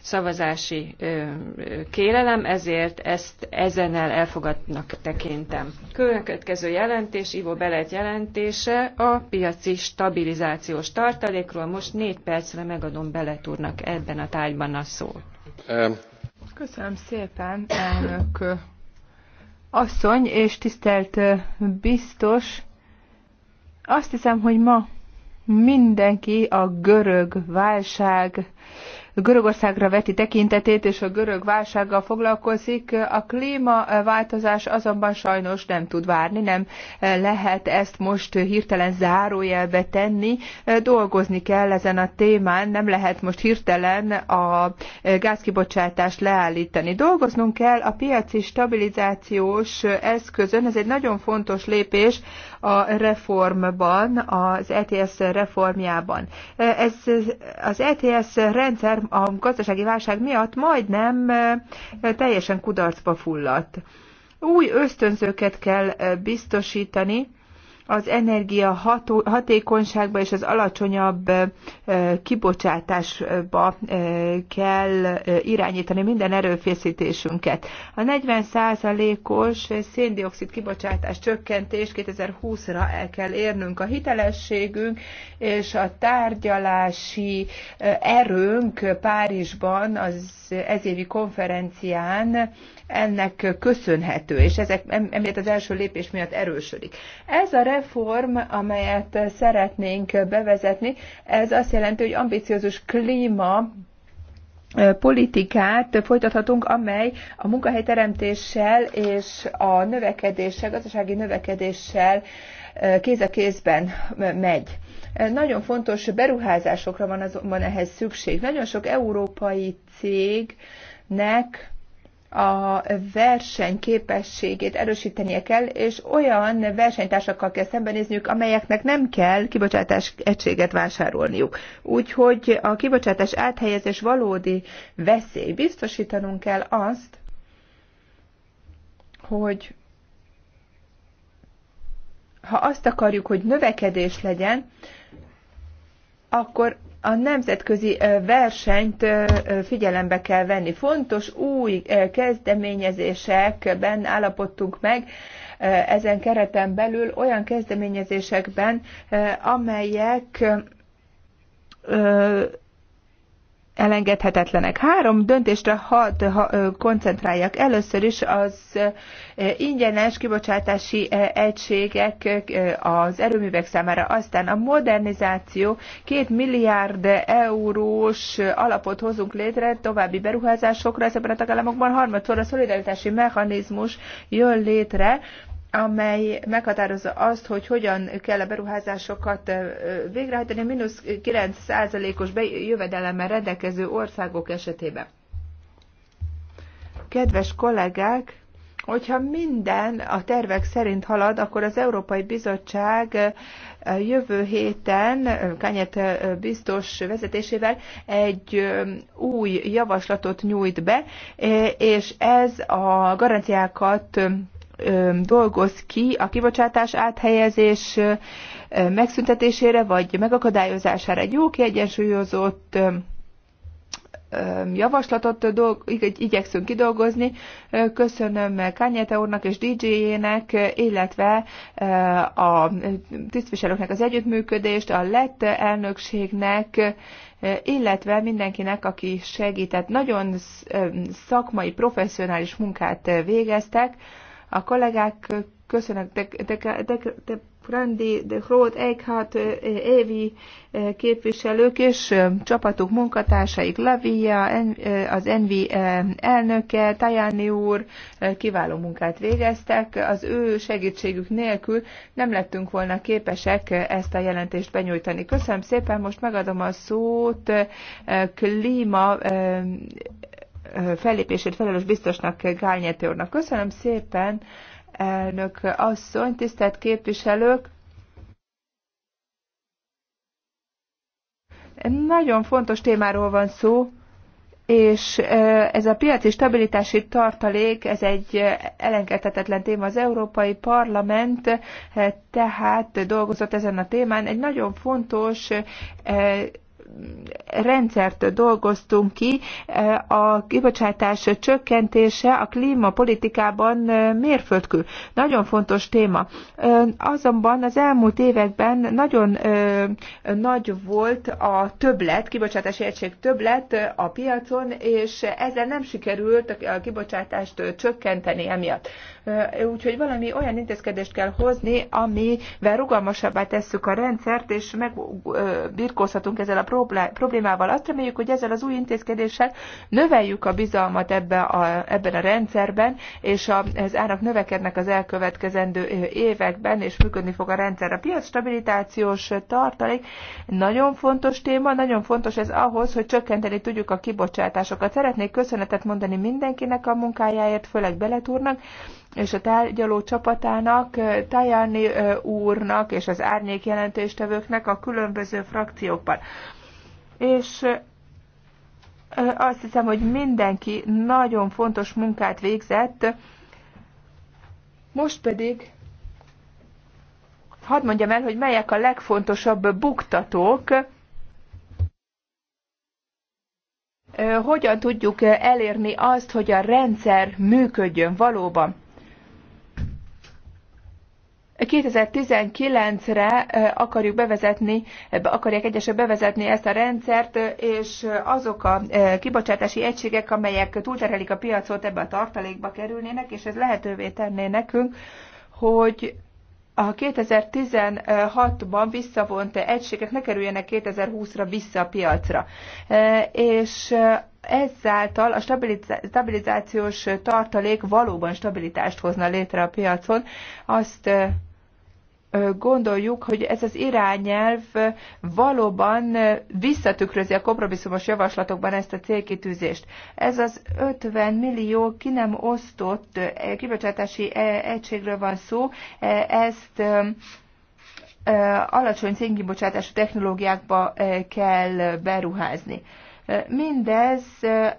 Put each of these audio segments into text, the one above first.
szavazási kérelem, ezért ezt ezennel elfogadnak tekintem. Következő jelentés, Ivo Belet jelentése a piaci stabilizációs tartalékról. Most négy percre megadom Belet úrnak ebben a tárgyban a szót. Köszönöm szépen, elnök asszony és tisztelt biztos. Azt hiszem, hogy ma mindenki a görög válság Görögországra veti tekintetét, és a görög válsággal foglalkozik. A klímaváltozás azonban sajnos nem tud várni, nem lehet ezt most hirtelen zárójelbe tenni. Dolgozni kell ezen a témán, nem lehet most hirtelen a gázkibocsátást leállítani. Dolgoznunk kell a piaci stabilizációs eszközön, ez egy nagyon fontos lépés a reformban, az ETS reformjában. Ez az ETS rendszer a gazdasági válság miatt majdnem teljesen kudarcba fulladt. Új ösztönzőket kell biztosítani, az energia ható, hatékonyságba és az alacsonyabb kibocsátásba kell irányítani minden erőfészítésünket. A 40%-os széndiokszid kibocsátás csökkentés 2020-ra el kell érnünk. A hitelességünk és a tárgyalási erőnk Párizsban az ezévi konferencián ennek köszönhető, és ezek emiatt az első lépés miatt erősödik. Ez a reform, amelyet szeretnénk bevezetni, ez azt jelenti, hogy ambiciózus klíma politikát folytathatunk, amely a munkahelyteremtéssel és a növekedéssel, gazdasági növekedéssel kéz a kézben megy. Nagyon fontos beruházásokra van azonban ehhez szükség. Nagyon sok európai cégnek a versenyképességét erősítenie kell, és olyan versenytársakkal kell szembenézniük, amelyeknek nem kell kibocsátás egységet vásárolniuk. Úgyhogy a kibocsátás áthelyezés valódi veszély. Biztosítanunk kell azt, hogy ha azt akarjuk, hogy növekedés legyen, akkor a nemzetközi versenyt figyelembe kell venni. Fontos új kezdeményezésekben állapodtunk meg, ezen kereten belül olyan kezdeményezésekben, amelyek elengedhetetlenek. Három döntésre hadd ha, koncentráljak. Először is az ingyenes kibocsátási egységek az erőművek számára, aztán a modernizáció, két milliárd eurós alapot hozunk létre további beruházásokra ezekben a tagállamokban, harmadszor a szolidaritási mechanizmus jön létre, amely meghatározza azt, hogy hogyan kell a beruházásokat végrehajtani mínusz 9%-os jövedelemmel rendelkező országok esetében. Kedves kollégák, hogyha minden a tervek szerint halad, akkor az Európai Bizottság jövő héten Kányet biztos vezetésével egy új javaslatot nyújt be, és ez a garanciákat dolgoz ki a kibocsátás áthelyezés megszüntetésére vagy megakadályozására. Egy jó kiegyensúlyozott javaslatot dolg, igyekszünk kidolgozni. Köszönöm Kányete úrnak és DJ-jének, illetve a tisztviselőknek az együttműködést, a lett elnökségnek, illetve mindenkinek, aki segített. Nagyon szakmai, professzionális munkát végeztek. A kollégák köszönök, de, de, de, de Brandi, de Hrót, Eichhardt, Évi eh, képviselők és eh, csapatuk munkatársaik, Lavia, eh, az Envi elnöke, Tajani úr kiváló munkát végeztek. Az ő segítségük nélkül nem lettünk volna képesek ezt a jelentést benyújtani. Köszönöm szépen, most megadom a szót klíma fellépését felelős biztosnak Gálnyete úrnak. Köszönöm szépen, elnök asszony, tisztelt képviselők! Nagyon fontos témáról van szó, és ez a piaci stabilitási tartalék, ez egy elengedhetetlen téma. Az Európai Parlament tehát dolgozott ezen a témán. Egy nagyon fontos rendszert dolgoztunk ki, eh, a kibocsátás csökkentése a klímapolitikában eh, mérföldkő. Nagyon fontos téma. Eh, azonban az elmúlt években nagyon nagy volt a többlet, kibocsátási egység többlet a piacon, és ezzel nem sikerült a kibocsátást csökkenteni emiatt. Úgyhogy valami olyan intézkedést kell hozni, amivel rugalmasabbá tesszük a rendszert, és megbirkózhatunk ezzel a problémával. Azt reméljük, hogy ezzel az új intézkedéssel növeljük a bizalmat ebbe a, ebben a rendszerben, és az árak növekednek az elkövetkezendő években, és működni fog a rendszer. A piac stabilitációs tartalék nagyon fontos téma, nagyon fontos ez ahhoz, hogy csökkenteni tudjuk a kibocsátásokat. Szeretnék köszönetet mondani mindenkinek a munkájáért, főleg beletúrnak, és a tárgyaló csapatának, Tajani úrnak és az árnyék jelentéstevőknek a különböző frakciókban. És azt hiszem, hogy mindenki nagyon fontos munkát végzett, most pedig hadd mondjam el, hogy melyek a legfontosabb buktatók, hogyan tudjuk elérni azt, hogy a rendszer működjön valóban. 2019-re akarjuk bevezetni, akarják egyesek bevezetni ezt a rendszert, és azok a kibocsátási egységek, amelyek túlterhelik a piacot, ebbe a tartalékba kerülnének, és ez lehetővé tenné nekünk, hogy a 2016-ban visszavont egységek ne kerüljenek 2020-ra vissza a piacra. És ezáltal a stabilizációs tartalék valóban stabilitást hozna létre a piacon. Azt gondoljuk, hogy ez az irányelv valóban visszatükrözi a kompromisszumos javaslatokban ezt a célkitűzést. Ez az 50 millió ki nem osztott kibocsátási egységről van szó, ezt alacsony szénkibocsátású technológiákba kell beruházni. Mindez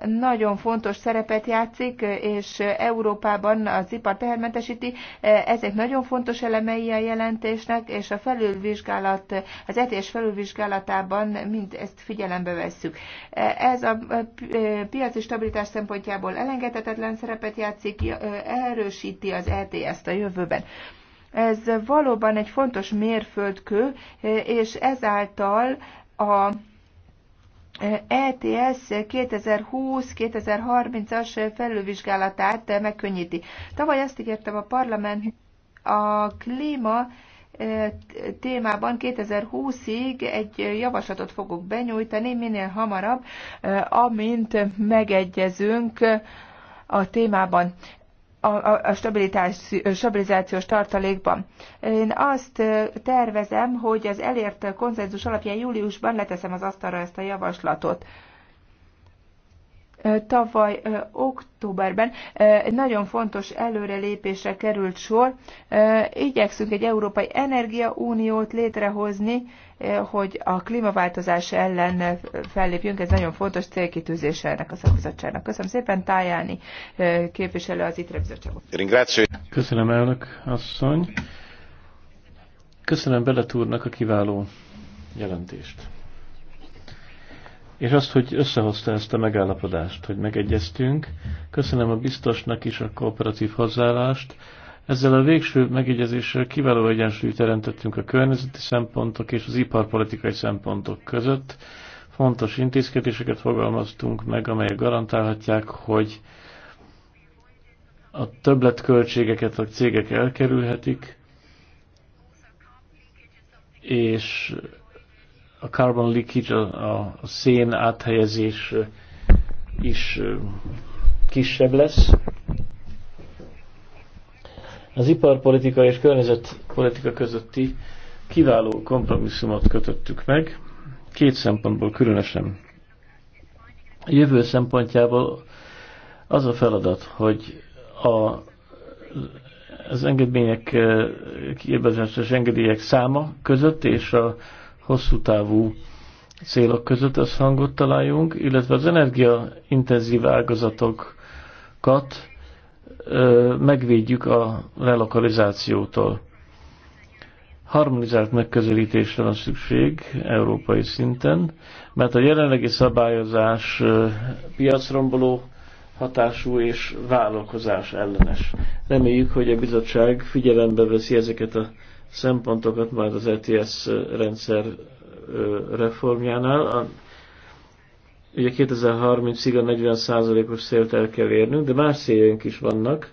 nagyon fontos szerepet játszik, és Európában az ipar tehermentesíti. Ezek nagyon fontos elemei a jelentésnek, és a felülvizsgálat, az ETS felülvizsgálatában mind ezt figyelembe vesszük. Ez a piaci stabilitás szempontjából elengedhetetlen szerepet játszik, erősíti az ETS-t a jövőben. Ez valóban egy fontos mérföldkő, és ezáltal a ETS 2020-2030-as felülvizsgálatát megkönnyíti. Tavaly azt ígértem a parlament a klíma e, témában 2020-ig egy javaslatot fogok benyújtani, minél hamarabb, e, amint megegyezünk a témában a, a, a stabilizációs tartalékban. Én azt tervezem, hogy az elért konzenzus alapján júliusban leteszem az asztalra ezt a javaslatot tavaly októberben nagyon fontos előrelépésre került sor. Igyekszünk egy Európai Energiauniót létrehozni, hogy a klímaváltozás ellen fellépjünk, ez nagyon fontos célkitűzése ennek a szakbizottságnak. Köszönöm szépen, Tájáni képviselő az ITRE bizottságot. Köszönöm, elnök asszony. Köszönöm Beletúrnak a kiváló jelentést. És azt, hogy összehozta ezt a megállapodást, hogy megegyeztünk. Köszönöm a biztosnak is a kooperatív hozzáállást. Ezzel a végső megegyezéssel kiváló egyensúlyt teremtettünk a környezeti szempontok és az iparpolitikai szempontok között. Fontos intézkedéseket fogalmaztunk meg, amelyek garantálhatják, hogy a többletköltségeket a cégek elkerülhetik, és a carbon leakage, a, a szén áthelyezés is kisebb lesz az iparpolitika és környezetpolitika közötti kiváló kompromisszumot kötöttük meg, két szempontból különösen. A jövő szempontjából az a feladat, hogy a, az engedmények, kiérbezásos engedélyek száma között és a hosszú távú célok között az hangot találjunk, illetve az energiaintenzív ágazatokat megvédjük a relokalizációtól. Harmonizált megközelítésre van szükség európai szinten, mert a jelenlegi szabályozás piacromboló hatású és vállalkozás ellenes. Reméljük, hogy a bizottság figyelembe veszi ezeket a szempontokat majd az ETS rendszer reformjánál. A Ugye 2030-ig a 40%-os szélt el kell érnünk, de más céljaink is vannak.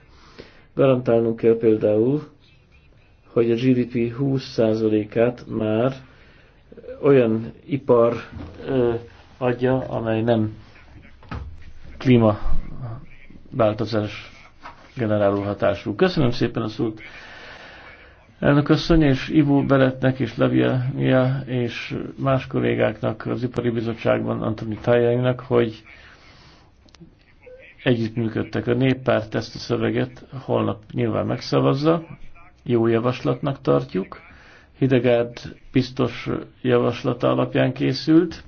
Garantálnunk kell például, hogy a GDP 20%-át már olyan ipar ö, adja, amely nem klímaváltozás generáló hatású. Köszönöm szépen a szót! Elnök asszony és Ivo Beletnek és Levia és más kollégáknak az Ipari Bizottságban, Antoni Tájainak, hogy együttműködtek. A néppárt ezt a szöveget holnap nyilván megszavazza, jó javaslatnak tartjuk. Hidegárd biztos javaslata alapján készült,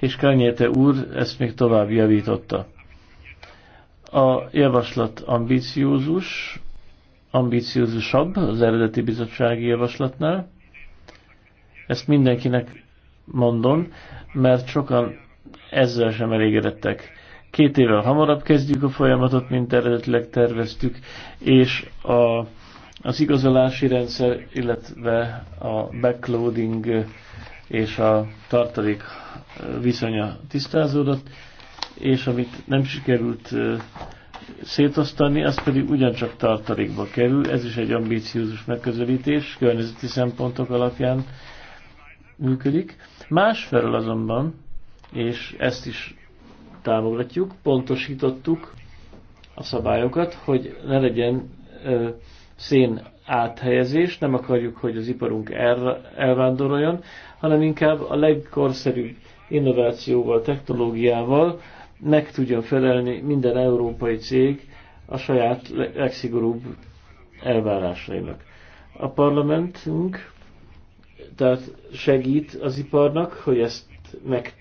és Kányéte úr ezt még tovább javította. A javaslat ambiciózus, ambíciózusabb az eredeti bizottsági javaslatnál. Ezt mindenkinek mondom, mert sokan ezzel sem elégedettek. Két évvel hamarabb kezdjük a folyamatot, mint eredetileg terveztük, és a, az igazolási rendszer, illetve a backloading és a tartalék viszonya tisztázódott, és amit nem sikerült szétosztani, az pedig ugyancsak tartalékba kerül. Ez is egy ambíciózus megközelítés, környezeti szempontok alapján működik. Másfelől azonban, és ezt is támogatjuk, pontosítottuk a szabályokat, hogy ne legyen ö, szén áthelyezés, nem akarjuk, hogy az iparunk el, elvándoroljon, hanem inkább a legkorszerűbb innovációval, technológiával meg tudjon felelni minden európai cég a saját legszigorúbb elvárásainak. A parlamentünk tehát segít az iparnak, hogy ezt meg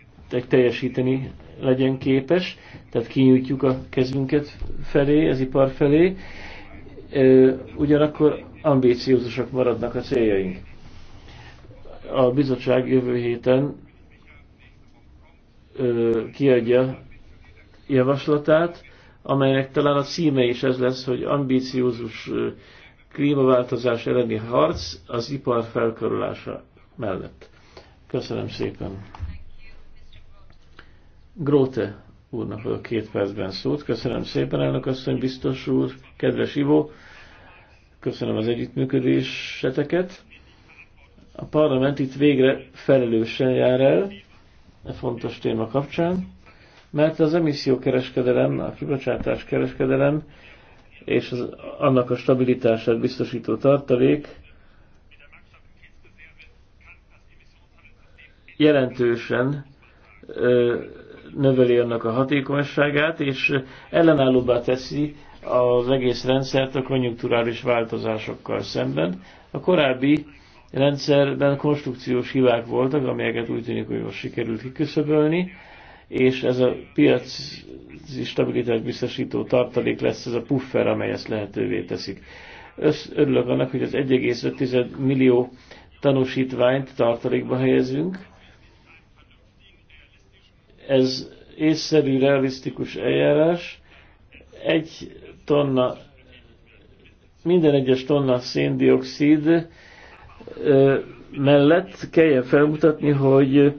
teljesíteni legyen képes, tehát kinyújtjuk a kezünket felé, az ipar felé, ugyanakkor ambíciózusak maradnak a céljaink. A bizottság jövő héten kiadja javaslatát, amelynek talán a címe is ez lesz, hogy ambíciózus klímaváltozás elleni harc az ipar felkarolása mellett. Köszönöm szépen. Gróte úrnak a két percben szót. Köszönöm szépen, elnök asszony, biztos úr, kedves Ivo. Köszönöm az együttműködéseteket. A parlament itt végre felelősen jár el a e fontos téma kapcsán mert az emissziókereskedelem, a kibocsátás kereskedelem és az, annak a stabilitását biztosító tartalék jelentősen ö, növeli annak a hatékonyságát, és ellenállóbbá teszi az egész rendszert a konjunkturális változásokkal szemben. A korábbi rendszerben konstrukciós hibák voltak, amelyeket úgy tűnik, hogy most sikerült kiküszöbölni, és ez a piaci stabilitás biztosító tartalék lesz ez a puffer, amely ezt lehetővé teszik. Össz, örülök annak, hogy az 1,5 millió tanúsítványt tartalékba helyezünk. Ez észszerű, realisztikus eljárás. Egy tonna, minden egyes tonna széndiokszid mellett kelljen felmutatni, hogy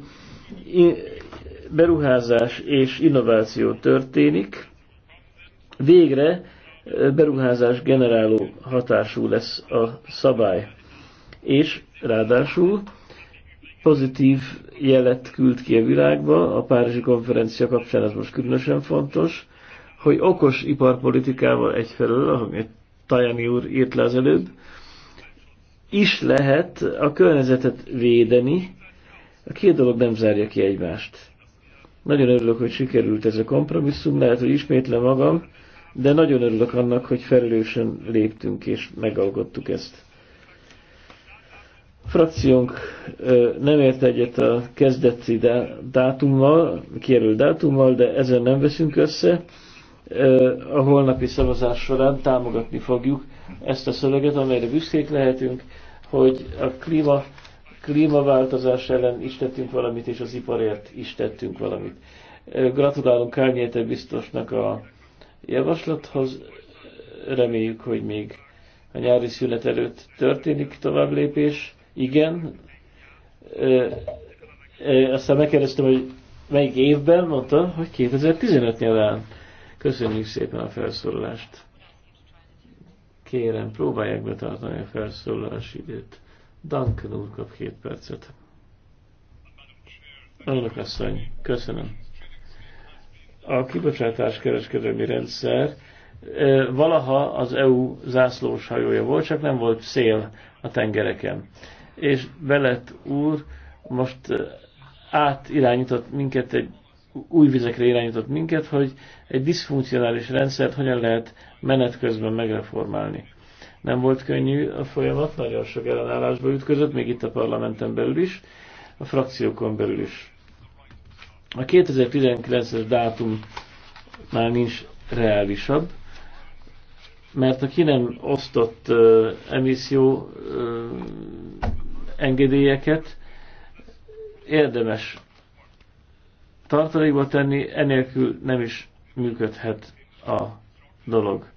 beruházás és innováció történik, végre beruházás generáló hatású lesz a szabály. És ráadásul pozitív jelet küld ki a világba, a Párizsi konferencia kapcsán ez most különösen fontos, hogy okos iparpolitikával egyfelől, ahogy Tajani úr írt le az előbb, is lehet a környezetet védeni, a két dolog nem zárja ki egymást. Nagyon örülök, hogy sikerült ez a kompromisszum, lehet, hogy ismétlem magam, de nagyon örülök annak, hogy felelősen léptünk és megalkottuk ezt. A frakciónk nem ért egyet a kezdeti dátummal, kijelölt dátummal, de ezen nem veszünk össze. A holnapi szavazás során támogatni fogjuk ezt a szöveget, amelyre büszkék lehetünk, hogy a klíma klímaváltozás ellen is tettünk valamit, és az iparért is tettünk valamit. Gratulálunk Kárnyéte biztosnak a javaslathoz, reméljük, hogy még a nyári szünet előtt történik tovább lépés. Igen, aztán megkérdeztem, hogy melyik évben, mondta, hogy 2015 nyarán. Köszönjük szépen a felszólalást. Kérem, próbálják betartani a felszólalási időt. Duncan úr kap két percet. Elnök asszony, köszönöm. A kibocsátás kereskedelmi rendszer eh, valaha az EU zászlós hajója volt, csak nem volt szél a tengereken. És Belet úr most eh, átirányított minket egy új vizekre irányított minket, hogy egy diszfunkcionális rendszert hogyan lehet menet közben megreformálni. Nem volt könnyű a folyamat, nagyon sok ellenállásba ütközött, még itt a parlamenten belül is, a frakciókon belül is. A 2019-es dátum már nincs reálisabb, mert a ki nem osztott uh, emisszió uh, engedélyeket érdemes tartalékba tenni, enélkül nem is működhet a dolog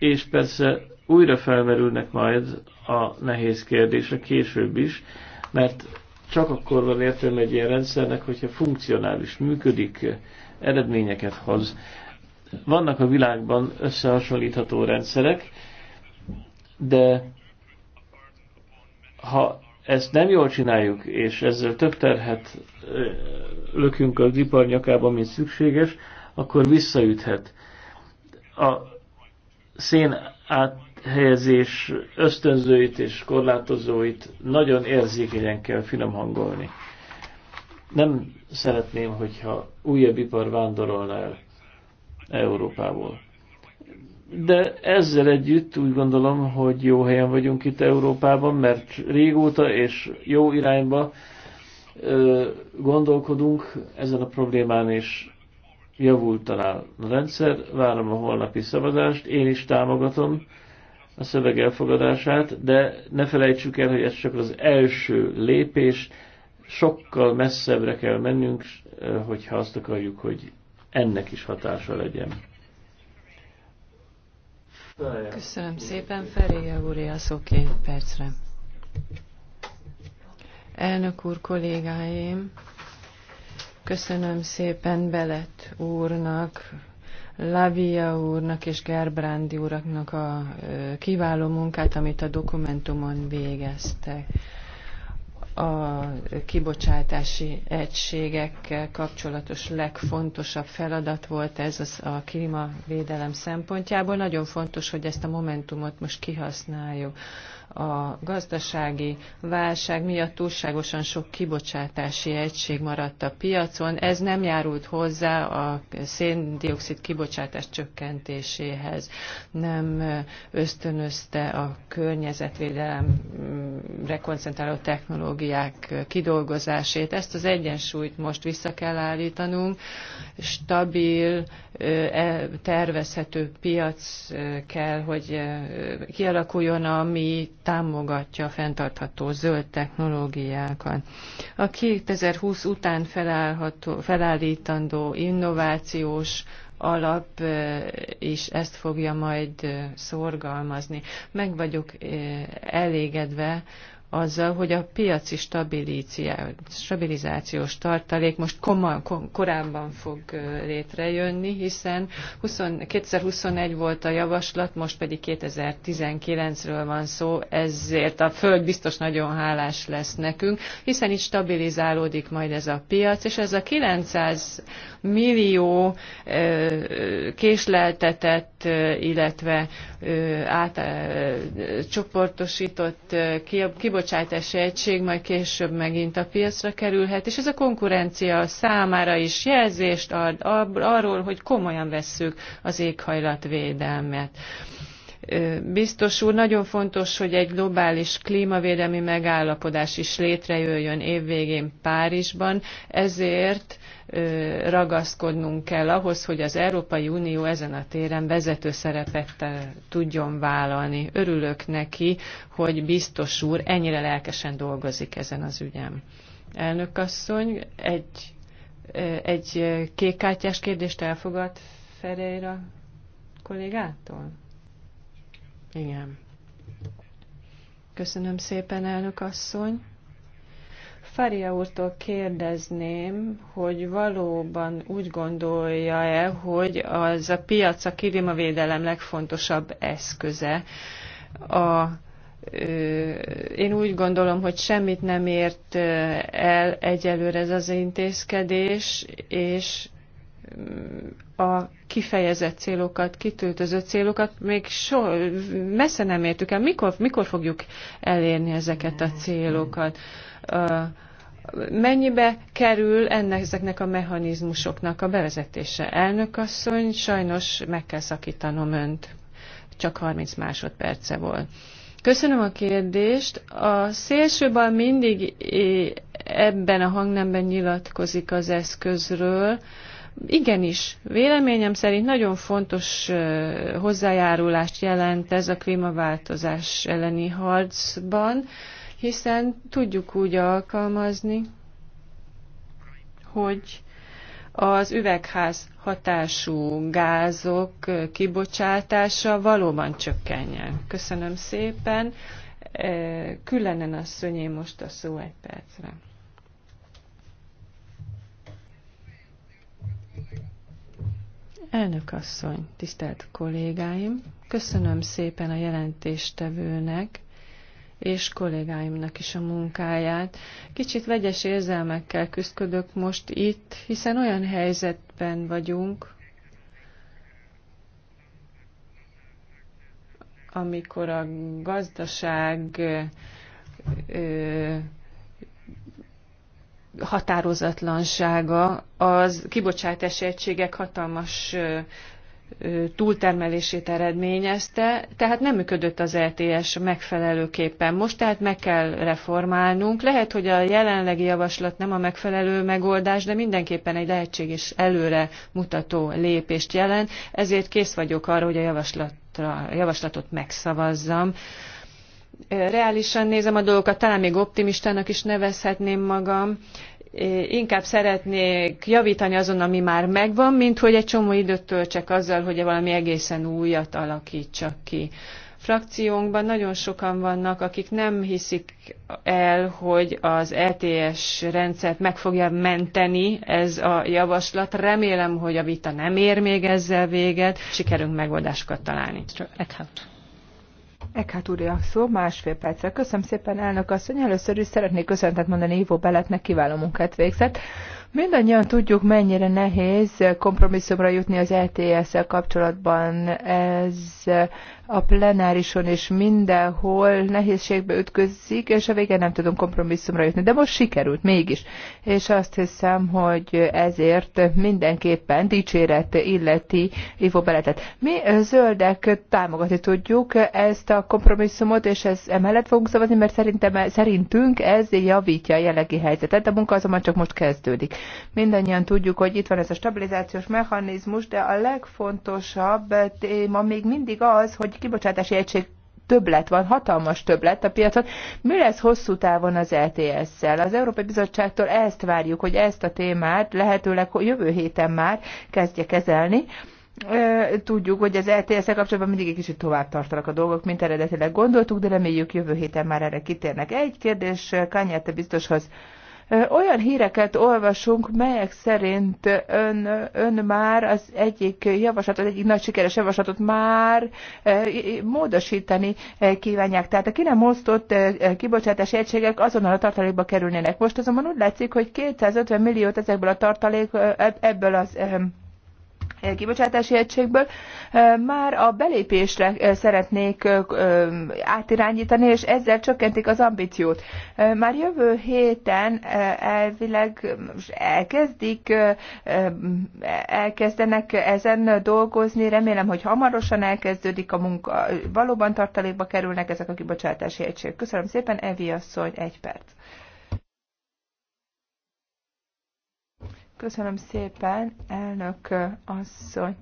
és persze újra felmerülnek majd a nehéz kérdések később is, mert csak akkor van értelme egy ilyen rendszernek, hogyha funkcionális, működik, eredményeket hoz. Vannak a világban összehasonlítható rendszerek, de ha ezt nem jól csináljuk, és ezzel több terhet lökünk az ipar nyakába, mint szükséges, akkor visszaüthet. A szén áthelyezés ösztönzőit és korlátozóit nagyon érzékenyen kell finom hangolni. Nem szeretném, hogyha újabb ipar vándorolna el Európából. De ezzel együtt úgy gondolom, hogy jó helyen vagyunk itt Európában, mert régóta és jó irányba gondolkodunk ezen a problémán, és javult talán a rendszer, várom a holnapi szavazást, én is támogatom a szöveg elfogadását, de ne felejtsük el, hogy ez csak az első lépés, sokkal messzebbre kell mennünk, hogyha azt akarjuk, hogy ennek is hatása legyen. Köszönöm szépen, Feréje úr, a szó percre. Elnök úr, kollégáim, Köszönöm szépen Belet úrnak, Lavia úrnak és Gerbrandi úraknak a kiváló munkát, amit a dokumentumon végeztek a kibocsátási egységekkel kapcsolatos legfontosabb feladat volt ez a klímavédelem szempontjából. Nagyon fontos, hogy ezt a momentumot most kihasználjuk a gazdasági válság miatt túlságosan sok kibocsátási egység maradt a piacon. Ez nem járult hozzá a széndiokszid kibocsátás csökkentéséhez, nem ösztönözte a környezetvédelemre mm, koncentráló technológiák kidolgozását. Ezt az egyensúlyt most vissza kell állítanunk. Stabil, e, tervezhető piac kell, hogy kialakuljon, ami támogatja a fenntartható zöld technológiákat. A 2020 után felállható, felállítandó innovációs alap is ezt fogja majd szorgalmazni. Meg vagyok elégedve, azzal, hogy a piaci stabilizációs tartalék most koma, kom, korábban fog létrejönni, hiszen 20, 2021 volt a javaslat, most pedig 2019-ről van szó, ezért a Föld biztos nagyon hálás lesz nekünk, hiszen itt stabilizálódik majd ez a piac, és ez a 900 millió késleltetett, illetve át, csoportosított kibocsátás, kibocsátási egység majd később megint a piacra kerülhet, és ez a konkurencia számára is jelzést ad arról, hogy komolyan vesszük az éghajlatvédelmet. Biztos úr, nagyon fontos, hogy egy globális klímavédelmi megállapodás is létrejöjjön évvégén Párizsban, ezért ragaszkodnunk kell ahhoz, hogy az Európai Unió ezen a téren vezető szerepet tudjon vállalni. Örülök neki, hogy biztos úr ennyire lelkesen dolgozik ezen az ügyem. Elnök asszony, egy, egy kékkártyás kérdést elfogad Ferreira kollégától? Igen. Köszönöm szépen, elnök asszony. Faria úrtól kérdezném, hogy valóban úgy gondolja-e, hogy az a piac a klímavédelem legfontosabb eszköze. A, ö, én úgy gondolom, hogy semmit nem ért el egyelőre ez az intézkedés, és mm, a kifejezett célokat, kitöltözött célokat még so, messze nem értük el. Mikor, mikor fogjuk elérni ezeket a célokat? Mennyibe kerül ennek, ezeknek a mechanizmusoknak a bevezetése? Elnök asszony, sajnos meg kell szakítanom önt. Csak 30 másodperce volt. Köszönöm a kérdést. A szélsőben mindig ebben a hangnemben nyilatkozik az eszközről. Igenis, véleményem szerint nagyon fontos hozzájárulást jelent ez a klímaváltozás elleni harcban hiszen tudjuk úgy alkalmazni, hogy az üvegház hatású gázok kibocsátása valóban csökkenjen. Köszönöm szépen. E, Különen szönyé most a szó egy percre. Elnök asszony, tisztelt kollégáim, köszönöm szépen a jelentéstevőnek és kollégáimnak is a munkáját. Kicsit vegyes érzelmekkel küzdködök most itt, hiszen olyan helyzetben vagyunk, amikor a gazdaság ö, határozatlansága az kibocsátási egységek hatalmas túltermelését eredményezte, tehát nem működött az ETS megfelelőképpen. Most tehát meg kell reformálnunk. Lehet, hogy a jelenlegi javaslat nem a megfelelő megoldás, de mindenképpen egy lehetséges előre mutató lépést jelent, ezért kész vagyok arra, hogy a javaslatra, a javaslatot megszavazzam. Reálisan nézem a dolgokat, talán még optimistának is nevezhetném magam inkább szeretnék javítani azon, ami már megvan, mint hogy egy csomó időt töltsek azzal, hogy valami egészen újat alakítsak ki. Frakciónkban nagyon sokan vannak, akik nem hiszik el, hogy az ETS rendszert meg fogja menteni ez a javaslat. Remélem, hogy a vita nem ér még ezzel véget. Sikerünk megoldásokat találni. Eckhout. Eckhart úr a szó, másfél percre. Köszönöm szépen, elnök asszony. Először is szeretnék köszöntet mondani Ivo Beletnek, kiváló munkát végzett. Mindannyian tudjuk, mennyire nehéz kompromisszumra jutni az ETS-szel kapcsolatban. Ez a plenárison és mindenhol nehézségbe ütközik, és a végén nem tudunk kompromisszumra jutni. De most sikerült mégis. És azt hiszem, hogy ezért mindenképpen dicséret illeti Ivo Beletet. Mi zöldek támogatni tudjuk ezt a kompromisszumot, és ez emellett fogunk szavazni, mert szerintem, szerintünk ez javítja a jelenlegi helyzetet. A munka azonban csak most kezdődik. Mindannyian tudjuk, hogy itt van ez a stabilizációs mechanizmus, de a legfontosabb téma még mindig az, hogy kibocsátási egység többlet van, hatalmas többlet a piacon. Mi lesz hosszú távon az ETS-szel? Az Európai Bizottságtól ezt várjuk, hogy ezt a témát lehetőleg jövő héten már kezdje kezelni. Tudjuk, hogy az ets kapcsolatban mindig egy kicsit tovább tartanak a dolgok, mint eredetileg gondoltuk, de reméljük jövő héten már erre kitérnek. Egy kérdés Kányerte biztoshoz. Olyan híreket olvasunk, melyek szerint ön, ön már az egyik javaslatot, egyik nagy sikeres javaslatot már módosítani kívánják. Tehát a ki nem osztott kibocsátási egységek azonnal a tartalékba kerülnének. Most azonban úgy látszik, hogy 250 milliót ezekből a tartalék, ebből az kibocsátási egységből, már a belépésre szeretnék átirányítani, és ezzel csökkentik az ambíciót. Már jövő héten elvileg elkezdik, elkezdenek ezen dolgozni, remélem, hogy hamarosan elkezdődik a munka, valóban tartalékba kerülnek ezek a kibocsátási egységek. Köszönöm szépen, Evi asszony, egy perc. Köszönöm szépen, elnök asszony.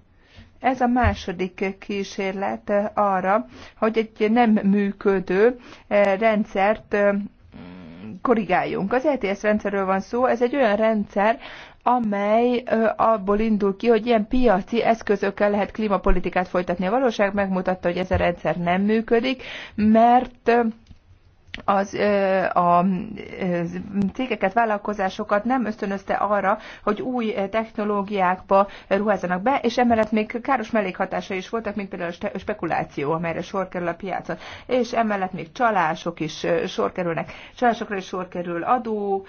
Ez a második kísérlet arra, hogy egy nem működő eh, rendszert eh, korrigáljunk. Az ETS rendszerről van szó, ez egy olyan rendszer, amely eh, abból indul ki, hogy ilyen piaci eszközökkel lehet klímapolitikát folytatni. A valóság megmutatta, hogy ez a rendszer nem működik, mert az a cégeket, vállalkozásokat nem ösztönözte arra, hogy új technológiákba ruházzanak be, és emellett még káros mellékhatása is voltak, mint például a spekuláció, amelyre sor kerül a piacon, és emellett még csalások is sor kerülnek. Csalásokra is sor kerül adó,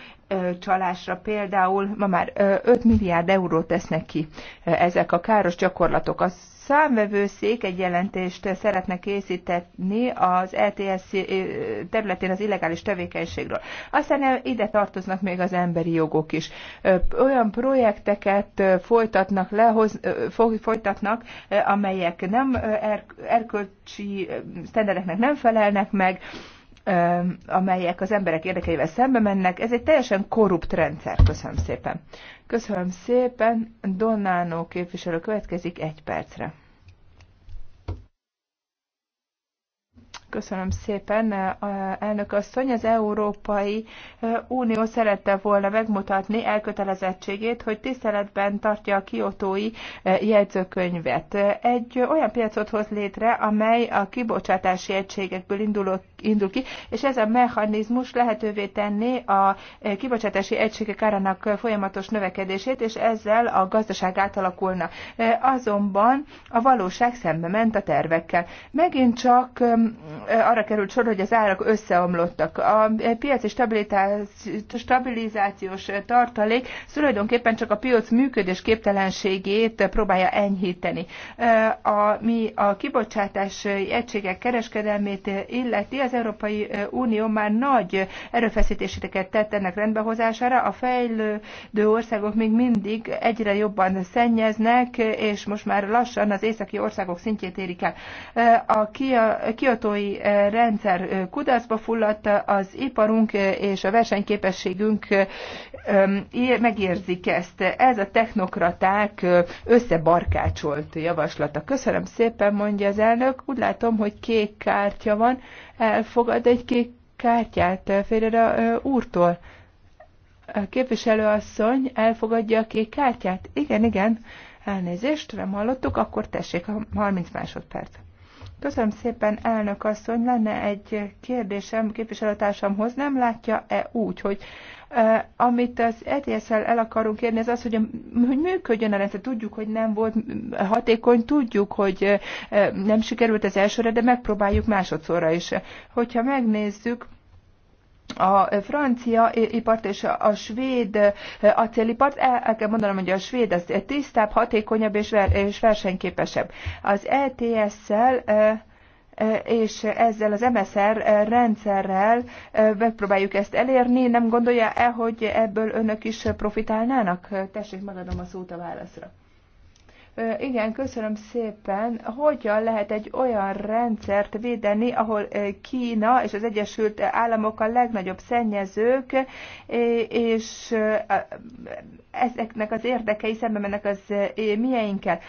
csalásra például ma már 5 milliárd eurót tesznek ki ezek a káros gyakorlatok. Az számvevőszék egy jelentést szeretne készíteni az ETS területén az illegális tevékenységről. Aztán ide tartoznak még az emberi jogok is. Olyan projekteket folytatnak, lehoz, folytatnak amelyek nem er- erkölcsi sztendereknek nem felelnek meg, amelyek az emberek érdekeivel szembe mennek. Ez egy teljesen korrupt rendszer. Köszönöm szépen. Köszönöm szépen. Donnánó képviselő következik egy percre. Köszönöm szépen, eh, elnök asszony. Az Európai eh, Unió szerette volna megmutatni elkötelezettségét, hogy tiszteletben tartja a kiotói eh, jegyzőkönyvet. Egy olyan piacot hoz létre, amely a kibocsátási egységekből indul, indul ki, és ez a mechanizmus lehetővé tenni a kibocsátási egységek árának folyamatos növekedését, és ezzel a gazdaság átalakulna. Azonban a valóság szembe ment a tervekkel. Megint csak arra került sor, hogy az árak összeomlottak. A piaci stabilizációs tartalék tulajdonképpen csak a piac működés képtelenségét próbálja enyhíteni. A, mi a kibocsátási egységek kereskedelmét illeti, az Európai Unió már nagy erőfeszítéseket tett ennek rendbehozására. A fejlődő országok még mindig egyre jobban szennyeznek, és most már lassan az északi országok szintjét érik el. A kiotói rendszer kudarcba fulladt, az iparunk és a versenyképességünk megérzik ezt. Ez a technokraták összebarkácsolt javaslata. Köszönöm szépen, mondja az elnök. Úgy látom, hogy kék kártya van. Elfogad egy kék kártyát a úrtól. A képviselőasszony elfogadja a kék kártyát? Igen, igen. Elnézést, nem hallottuk, akkor tessék a 30 másodpercet. Köszönöm szépen, elnök asszony. Lenne egy kérdésem képviselőtársamhoz. Nem látja-e úgy, hogy eh, amit az ETS-el el akarunk kérni, ez az, hogy, hogy működjön a rendszer. Tudjuk, hogy nem volt hatékony, tudjuk, hogy eh, nem sikerült az elsőre, de megpróbáljuk másodszorra is. Hogyha megnézzük, a francia ipart és a svéd acélipart. El, el kell mondanom, hogy a svéd az tisztább, hatékonyabb és, ver, és versenyképesebb. Az ETS-szel e, e, és ezzel az MSR rendszerrel e, megpróbáljuk ezt elérni. Nem gondolja e hogy ebből önök is profitálnának? Tessék, megadom a szót a válaszra. Igen, köszönöm szépen. Hogyan lehet egy olyan rendszert védeni, ahol Kína és az Egyesült Államok a legnagyobb szennyezők, és ezeknek az érdekei szemben mennek az mieinkkel.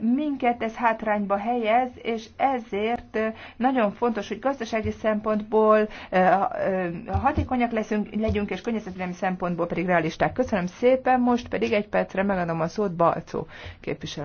Minket ez hátrányba helyez, és ezért nagyon fontos, hogy gazdasági szempontból hatékonyak leszünk, legyünk, és környezetvédelmi szempontból pedig realisták. Köszönöm szépen, most pedig egy percre megadom a szót Balcó képviselő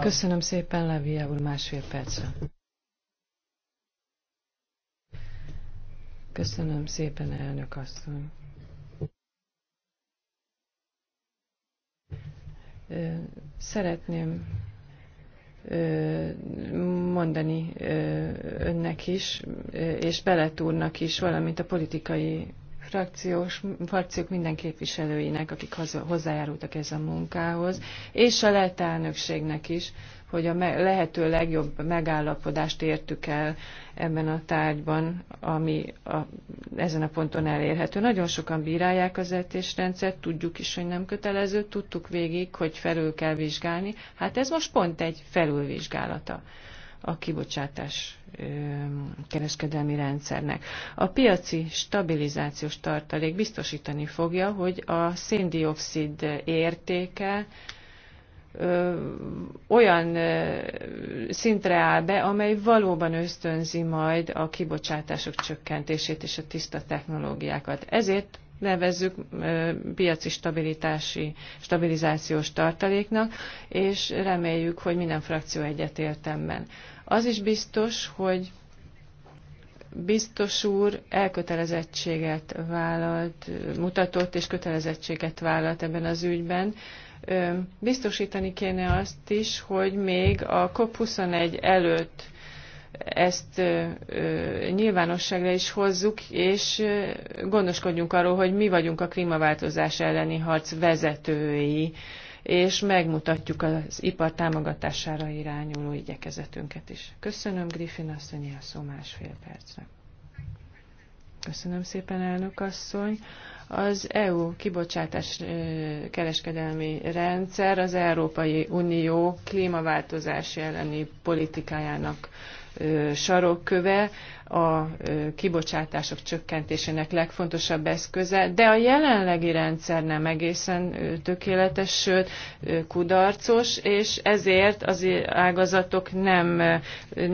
Köszönöm szépen, Levia úr, másfél percre. Köszönöm szépen, elnök asszony. Szeretném mondani önnek is, és Beletúrnak is, valamint a politikai frakciós, frakciók minden képviselőinek, akik hozzájárultak ez a munkához, és a lett elnökségnek is, hogy a lehető legjobb megállapodást értük el ebben a tárgyban, ami a, ezen a ponton elérhető. Nagyon sokan bírálják az etésrendszert, tudjuk is, hogy nem kötelező, tudtuk végig, hogy felül kell vizsgálni. Hát ez most pont egy felülvizsgálata a kibocsátás kereskedelmi rendszernek. A piaci stabilizációs tartalék biztosítani fogja, hogy a széndiokszid értéke olyan szintre áll be, amely valóban ösztönzi majd a kibocsátások csökkentését és a tiszta technológiákat. Ezért nevezzük piaci stabilitási, stabilizációs tartaléknak, és reméljük, hogy minden frakció egyetértemben. Az is biztos, hogy biztos úr elkötelezettséget vállalt, mutatott és kötelezettséget vállalt ebben az ügyben. Biztosítani kéne azt is, hogy még a COP21 előtt ezt nyilvánosságra is hozzuk, és gondoskodjunk arról, hogy mi vagyunk a klímaváltozás elleni harc vezetői, és megmutatjuk az ipar támogatására irányuló igyekezetünket is. Köszönöm, Griffin asszony, a szó másfél percre. Köszönöm szépen, elnök asszony. Az EU kibocsátás kereskedelmi rendszer az Európai Unió klímaváltozás elleni politikájának sarokköve, a kibocsátások csökkentésének legfontosabb eszköze, de a jelenlegi rendszer nem egészen tökéletes, sőt kudarcos, és ezért az ágazatok nem,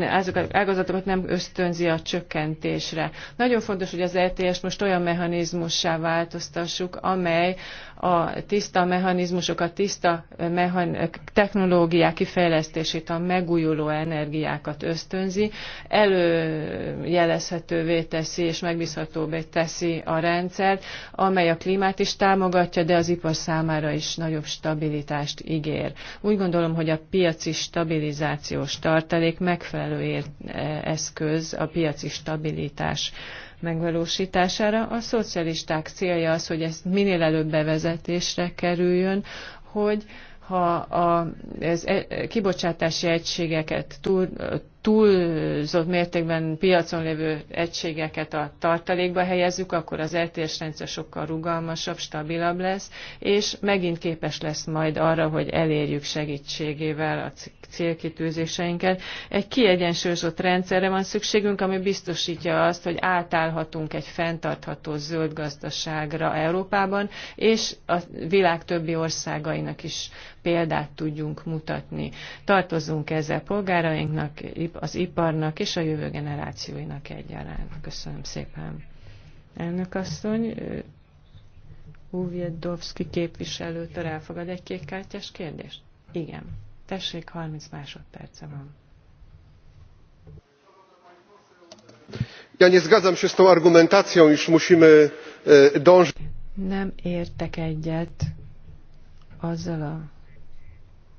azok ágazatokat nem ösztönzi a csökkentésre. Nagyon fontos, hogy az ETS most olyan mechanizmussá változtassuk, amely a tiszta mechanizmusok, a tiszta mechan technológiák kifejlesztését, a megújuló energiákat ösztönzi, elő jelezhetővé teszi és megbízhatóbbé teszi a rendszert, amely a klímát is támogatja, de az ipar számára is nagyobb stabilitást ígér. Úgy gondolom, hogy a piaci stabilizációs tartalék megfelelő eh, eszköz a piaci stabilitás megvalósítására. A szocialisták célja az, hogy ezt minél előbb bevezetésre kerüljön, hogy ha a, eh, kibocsátási egységeket túl, túlzott mértékben piacon lévő egységeket a tartalékba helyezzük, akkor az LTS rendszer sokkal rugalmasabb, stabilabb lesz, és megint képes lesz majd arra, hogy elérjük segítségével a célkitűzéseinket. Egy kiegyensúlyozott rendszerre van szükségünk, ami biztosítja azt, hogy átállhatunk egy fenntartható zöld gazdaságra Európában, és a világ többi országainak is példát tudjunk mutatni. Tartozunk ezzel polgárainknak, az iparnak és a jövő generációinak egyaránt. Köszönöm szépen. Elnök asszony, Uvjedovszki képviselőtől elfogad egy kékkártyás kérdést? Igen. Tessék, 30 másodperce van. Ja nie zgadzam się z tą argumentacją, iż musimy e, dążyć. Nem értek egyet azzal a,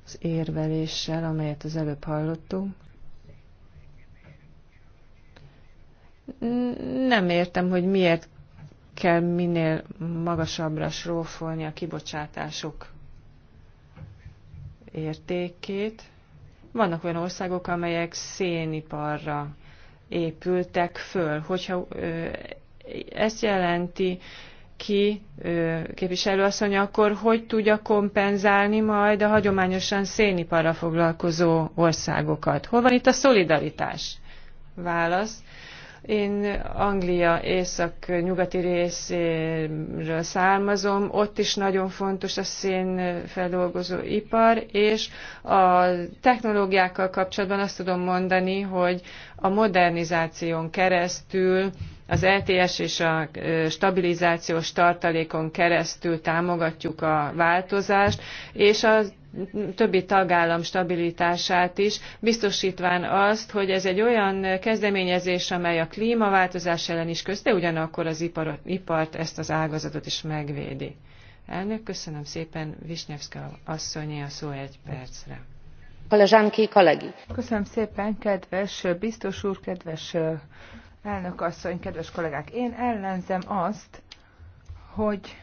az érveléssel, amelyet az előbb hallottunk, nem értem, hogy miért kell minél magasabbra srófolni a kibocsátások értékét. Vannak olyan országok, amelyek széniparra épültek föl. Hogyha ezt jelenti ki képviselőasszony, akkor hogy tudja kompenzálni majd a hagyományosan széniparra foglalkozó országokat? Hol van itt a szolidaritás? Válasz én Anglia észak-nyugati részéről származom, ott is nagyon fontos a szénfeldolgozó ipar, és a technológiákkal kapcsolatban azt tudom mondani, hogy a modernizáción keresztül az LTS e és a stabilizációs tartalékon keresztül támogatjuk a változást, és a többi tagállam stabilitását is, biztosítván azt, hogy ez egy olyan kezdeményezés, amely a klímaváltozás ellen is közte ugyanakkor az ipar, ipart, ezt az ágazatot is megvédi. Elnök, köszönöm szépen, Visnyevszka asszonyi a szó egy percre. Koleżanki kollégi. Köszönöm szépen, kedves biztos úr, kedves Elnök asszony, kedves kollégák, én ellenzem azt, hogy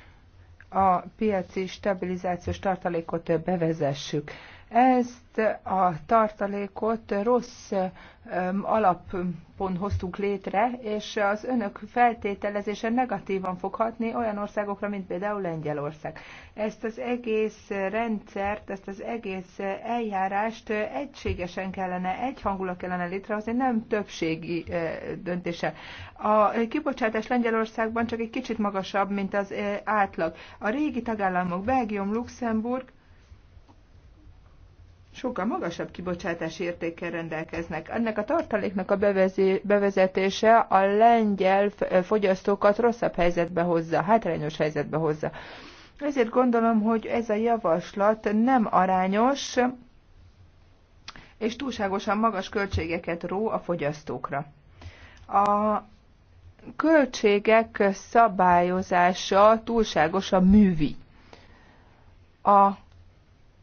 a piaci stabilizációs tartalékot bevezessük. Ezt a tartalékot rossz alappon hoztuk létre, és az önök feltételezése negatívan fog hatni olyan országokra, mint például Lengyelország. Ezt az egész rendszert, ezt az egész eljárást egységesen kellene, egyhangulag kellene létrehozni, nem többségi eh, döntése. A kibocsátás Lengyelországban csak egy kicsit magasabb, mint az eh, átlag. A régi tagállamok Belgium, Luxemburg, sokkal magasabb kibocsátási értékkel rendelkeznek. Ennek a tartaléknak a bevezetése a lengyel fogyasztókat rosszabb helyzetbe hozza, hátrányos helyzetbe hozza. Ezért gondolom, hogy ez a javaslat nem arányos, és túlságosan magas költségeket ró a fogyasztókra. A költségek szabályozása túlságosan művi. A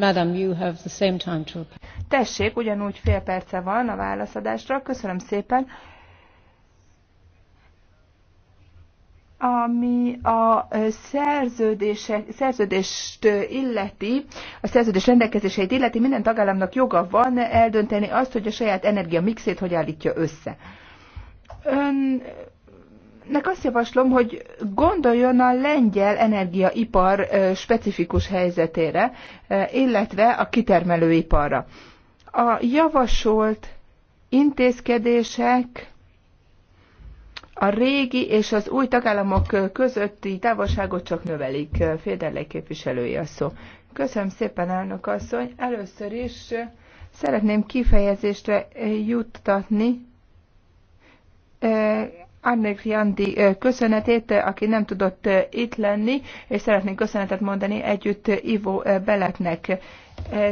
Madam, you have the same time to... Tessék, ugyanúgy fél perce van a válaszadásra. Köszönöm szépen. ami a szerződések, szerződést illeti, a szerződés rendelkezéseit illeti, minden tagállamnak joga van eldönteni azt, hogy a saját energia mixét hogy állítja össze. Ön önnek azt javaslom, hogy gondoljon a lengyel energiaipar specifikus helyzetére, illetve a kitermelőiparra. A javasolt intézkedések a régi és az új tagállamok közötti távolságot csak növelik. Féderlei képviselői a szó. Köszönöm szépen, elnök asszony. Először is szeretném kifejezésre juttatni Annek Jandi köszönetét, aki nem tudott itt lenni, és szeretnénk köszönetet mondani együtt Ivo Beletnek.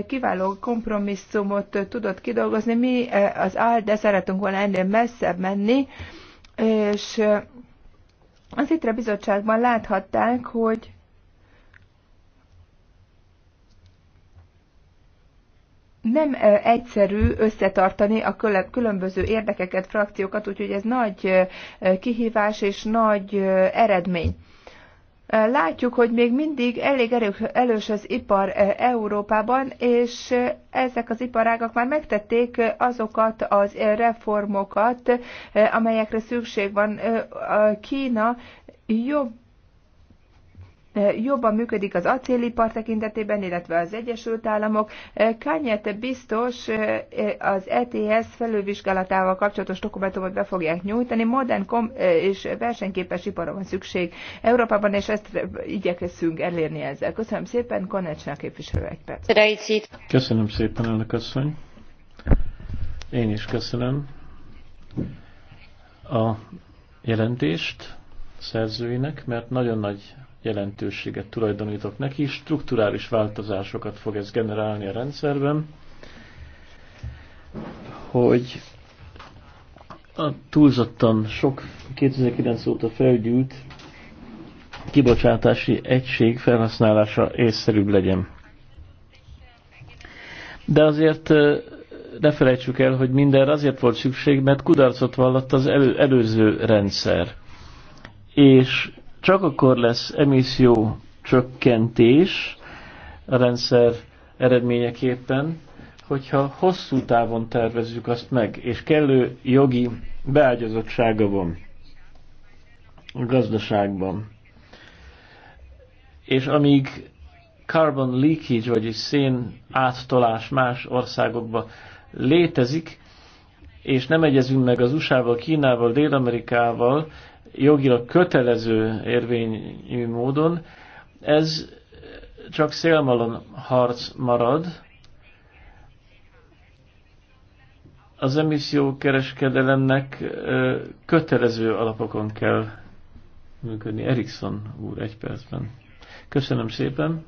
Kiváló kompromisszumot tudott kidolgozni. Mi az áll, de szeretünk volna ennél messzebb menni, és az ITRE bizottságban láthatták, hogy nem egyszerű összetartani a különböző érdekeket, frakciókat, úgyhogy ez nagy kihívás és nagy eredmény. Látjuk, hogy még mindig elég erős az ipar Európában, és ezek az iparágak már megtették azokat az reformokat, amelyekre szükség van. Kína jobb Eh, jobban működik az acélipar tekintetében, illetve az Egyesült Államok. Eh, Kányet biztos eh, az ETS felülvizsgálatával kapcsolatos dokumentumot be fogják nyújtani. Modern kom- és versenyképes ipara van szükség Európában, és ezt igyekezzünk elérni ezzel. Köszönöm szépen, Konecsná képviselő egy perc. Köszönöm szépen, elnök asszony. Én is köszönöm a jelentést szerzőinek, mert nagyon nagy jelentőséget tulajdonítok neki. Strukturális változásokat fog ez generálni a rendszerben, hogy a túlzottan sok 2009 óta felgyűlt kibocsátási egység felhasználása észszerűbb legyen. De azért ne felejtsük el, hogy minden azért volt szükség, mert kudarcot vallott az elő, előző rendszer. És csak akkor lesz emisszió csökkentés a rendszer eredményeképpen, hogyha hosszú távon tervezzük azt meg, és kellő jogi beágyazottsága van a gazdaságban. És amíg carbon leakage, vagyis szén áttolás más országokba létezik, és nem egyezünk meg az USA-val, Kínával, Dél-Amerikával jogilag kötelező érvényű módon, ez csak szélmalon harc marad. Az emisszió kereskedelemnek kötelező alapokon kell működni. Erikson úr, egy percben. Köszönöm szépen.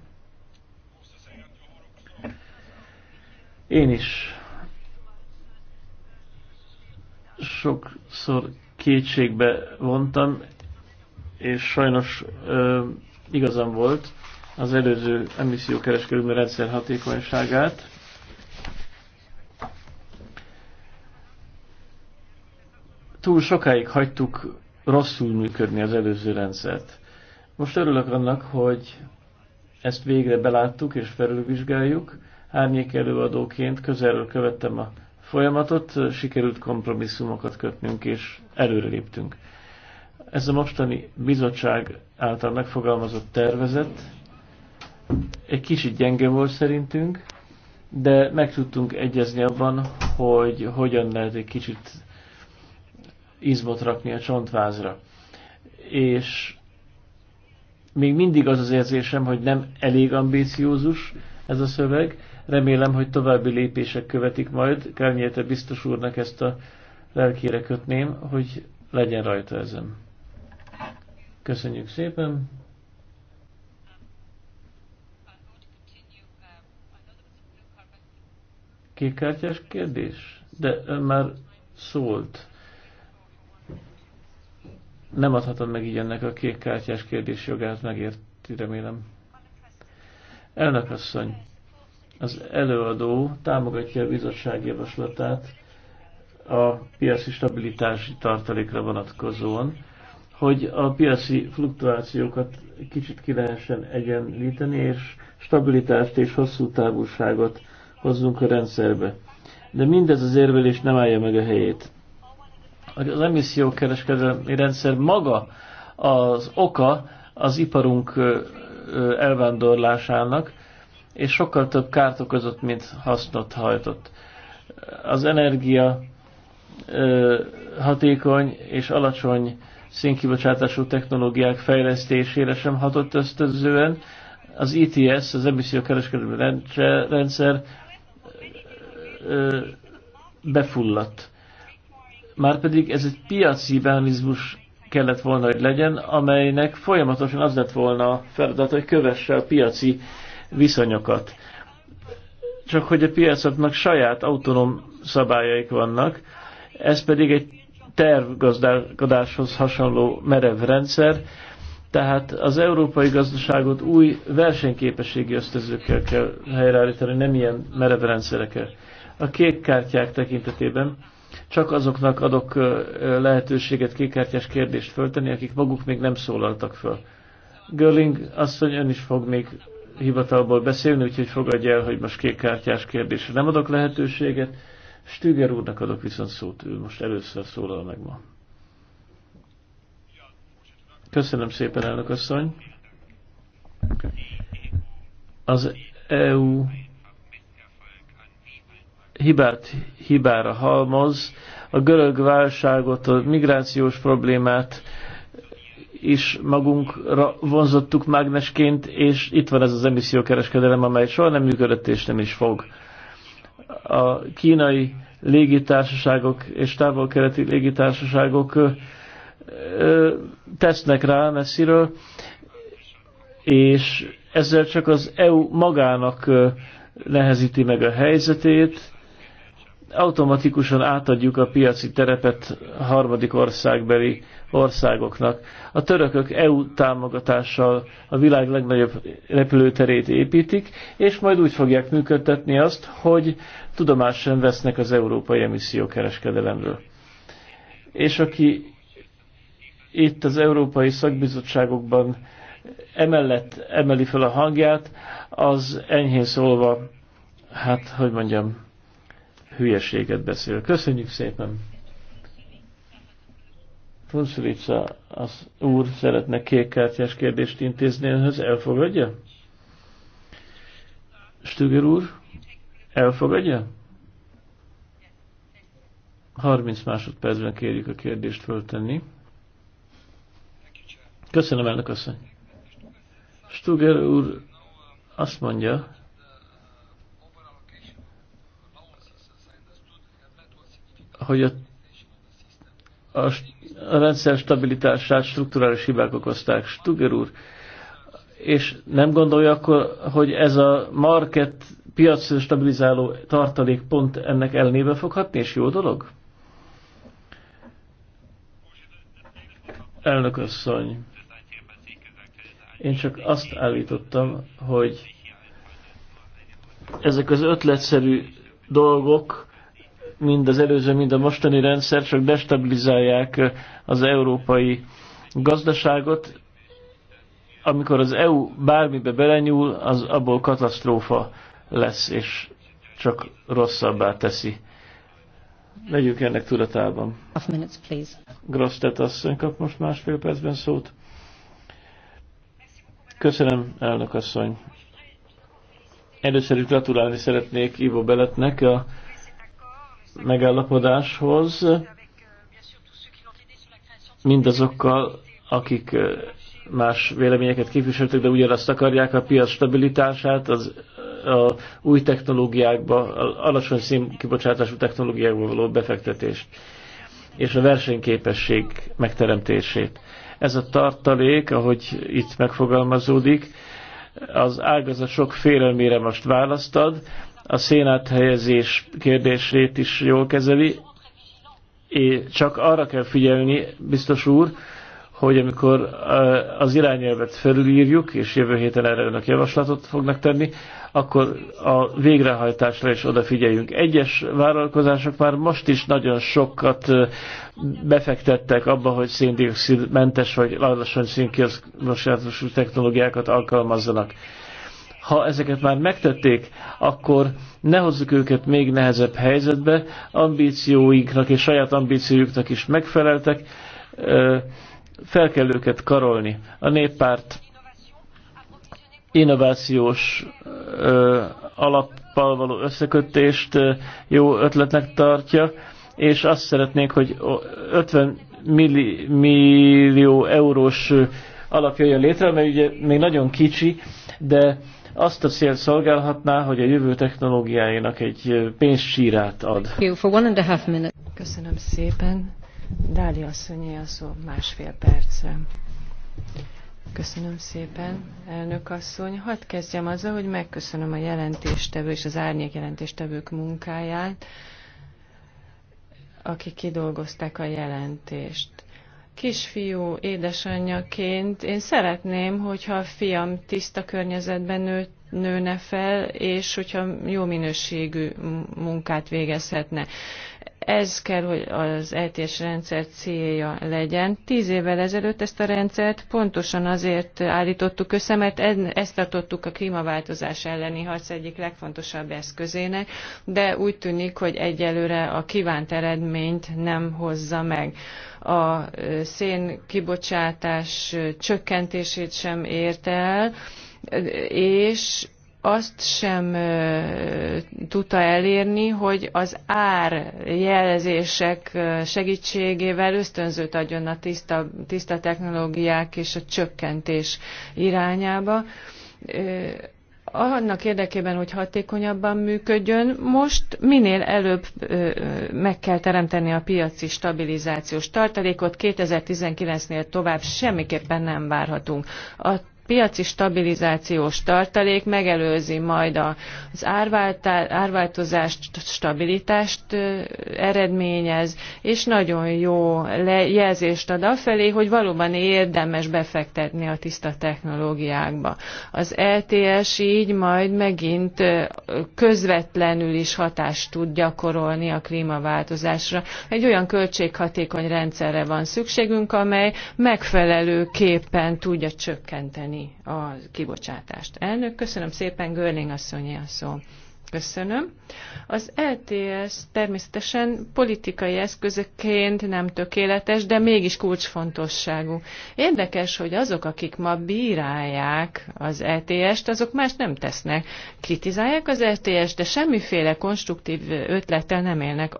Én is sokszor kétségbe vontam, és sajnos ö, igazam volt az előző emissziókereskedelmi rendszer hatékonyságát. Túl sokáig hagytuk rosszul működni az előző rendszert. Most örülök annak, hogy ezt végre beláttuk és felülvizsgáljuk. Árnyék előadóként közelről követtem a folyamatot, sikerült kompromisszumokat kötnünk, és előreléptünk. Ez a mostani bizottság által megfogalmazott tervezet egy kicsit gyenge volt szerintünk, de meg tudtunk egyezni abban, hogy hogyan lehet egy kicsit izmot rakni a csontvázra. És még mindig az az érzésem, hogy nem elég ambíciózus ez a szöveg, Remélem, hogy további lépések követik majd. Kármilyete biztos úrnak ezt a lelkére kötném, hogy legyen rajta ezen. Köszönjük szépen! Kékkártyás kérdés? De ön már szólt. Nem adhatom meg így ennek a kékkártyás kérdés jogát, megérti, remélem. Elnök asszony, az előadó támogatja a bizottság javaslatát a piaci stabilitási tartalékra vonatkozóan, hogy a piaci fluktuációkat kicsit ki lehessen egyenlíteni, és stabilitást és hosszú távúságot hozzunk a rendszerbe. De mindez az érvelés nem állja meg a helyét. Az emissziókereskedelmi rendszer maga az oka az iparunk elvándorlásának, és sokkal több kárt okozott, mint hasznot hajtott. Az energia hatékony és alacsony színkibocsátású technológiák fejlesztésére sem hatott ösztönzően. Az ETS, az emissziókereskedelmi rendszer befulladt. Márpedig ez egy piaci mechanizmus kellett volna, hogy legyen, amelynek folyamatosan az lett volna a feladat, hogy kövesse a piaci viszonyokat. Csak hogy a piacoknak saját autonóm szabályaik vannak, ez pedig egy tervgazdálkodáshoz hasonló merev rendszer, tehát az európai gazdaságot új versenyképességi ösztözőkkel kell helyreállítani, nem ilyen merev rendszerekkel. A kék kártyák tekintetében csak azoknak adok lehetőséget kékkártyás kérdést föltenni, akik maguk még nem szólaltak föl. Görling asszony ön is fog még hivatalból beszélni, úgyhogy fogadja el, hogy most kékkártyás kérdésre nem adok lehetőséget. Stüger úrnak adok viszont szót, ő most először szólal meg ma. Köszönöm szépen, elnök asszony. Az EU hibát hibára halmoz, a görög válságot, a migrációs problémát, is magunkra vonzottuk mágnesként, és itt van ez az emissziókereskedelem, amely soha nem működött és nem is fog. A kínai légitársaságok és távol-keleti légitársaságok tesznek rá messziről, és ezzel csak az EU magának nehezíti meg a helyzetét, automatikusan átadjuk a piaci terepet harmadik országbeli országoknak. A törökök EU támogatással a világ legnagyobb repülőterét építik, és majd úgy fogják működtetni azt, hogy tudomást sem vesznek az európai emissziókereskedelemről. És aki itt az európai szakbizottságokban emellett emeli fel a hangját, az enyhén szólva, hát hogy mondjam, hülyeséget beszél. Köszönjük szépen! Frunzulica az úr szeretne kékkártyás kérdést intézni önhöz, elfogadja? Stüger úr, elfogadja? 30 másodpercben kérjük a kérdést föltenni. Köszönöm, elnök asszony. Stuger úr azt mondja, hogy a, a, a rendszer stabilitását strukturális hibák okozták. Stuger úr, és nem gondolja akkor, hogy ez a market piac stabilizáló tartalék pont ennek elnébe foghatni, és jó dolog? Elnök asszony, én csak azt állítottam, hogy ezek az ötletszerű dolgok mind az előző, mind a mostani rendszer csak destabilizálják az európai gazdaságot. Amikor az EU bármibe belenyúl, az abból katasztrófa lesz, és csak rosszabbá teszi. Legyünk ennek tudatában. Grosztet asszony kap most másfél percben szót. Köszönöm, elnök asszony. Először is gratulálni szeretnék Ivo Beletnek a megállapodáshoz mindazokkal, akik más véleményeket képviseltek, de ugyanazt akarják a piac stabilitását, az a új technológiákba, a alacsony színkibocsátású technológiákba való befektetést és a versenyképesség megteremtését. Ez a tartalék, ahogy itt megfogalmazódik, az ágazat sok félelmére most választad, a szénáthelyezés kérdését is jól kezeli, és csak arra kell figyelni, biztos úr, hogy amikor az irányelvet felülírjuk, és jövő héten erre önök javaslatot fognak tenni, akkor a végrehajtásra is odafigyeljünk. Egyes vállalkozások már most is nagyon sokat befektettek abba, hogy széndiokszidmentes vagy lassan szénkioszkosátosú technológiákat alkalmazzanak ha ezeket már megtették, akkor ne hozzuk őket még nehezebb helyzetbe, ambícióinknak és saját ambíciójuknak is megfeleltek, fel kell őket karolni. A néppárt innovációs alappal való összekötést jó ötletnek tartja, és azt szeretnék, hogy 50 milli, millió eurós alapja jön létre, mert ugye még nagyon kicsi, de azt a cél szolgálhatná, hogy a jövő technológiájának egy pénzsírát ad. Köszönöm szépen. Dália asszonyé a szó másfél percre. Köszönöm szépen, elnök asszony. Hadd kezdjem azzal, hogy megköszönöm a jelentéstevő és az árnyék jelentéstevők munkáját, akik kidolgozták a jelentést kisfiú édesanyjaként én szeretném, hogyha a fiam tiszta környezetben nő, nőne fel, és hogyha jó minőségű munkát végezhetne. Ez kell, hogy az ETS rendszer célja legyen. Tíz évvel ezelőtt ezt a rendszert pontosan azért állítottuk össze, mert ezt tartottuk a klímaváltozás elleni harc egyik legfontosabb eszközének, de úgy tűnik, hogy egyelőre a kívánt eredményt nem hozza meg a szén kibocsátás csökkentését sem ért el, és azt sem tudta elérni, hogy az ár jelzések segítségével ösztönzőt adjon a tiszta, tiszta technológiák és a csökkentés irányába annak érdekében, hogy hatékonyabban működjön, most minél előbb meg kell teremteni a piaci stabilizációs tartalékot, 2019-nél tovább semmiképpen nem várhatunk. A piaci stabilizációs tartalék megelőzi majd az árváltozást, stabilitást eredményez, és nagyon jó jelzést ad afelé, hogy valóban érdemes befektetni a tiszta technológiákba. Az LTS e így majd megint közvetlenül is hatást tud gyakorolni a klímaváltozásra. Egy olyan költséghatékony rendszerre van szükségünk, amely megfelelőképpen tudja csökkenteni a kibocsátást. Elnök, köszönöm szépen, Görling asszonyi a szó. Köszönöm. Az LTS e természetesen politikai eszközökként nem tökéletes, de mégis kulcsfontosságú. Érdekes, hogy azok, akik ma bírálják az LTS-t, e azok más nem tesznek. Kritizálják az LTS-t, e de semmiféle konstruktív ötlettel nem élnek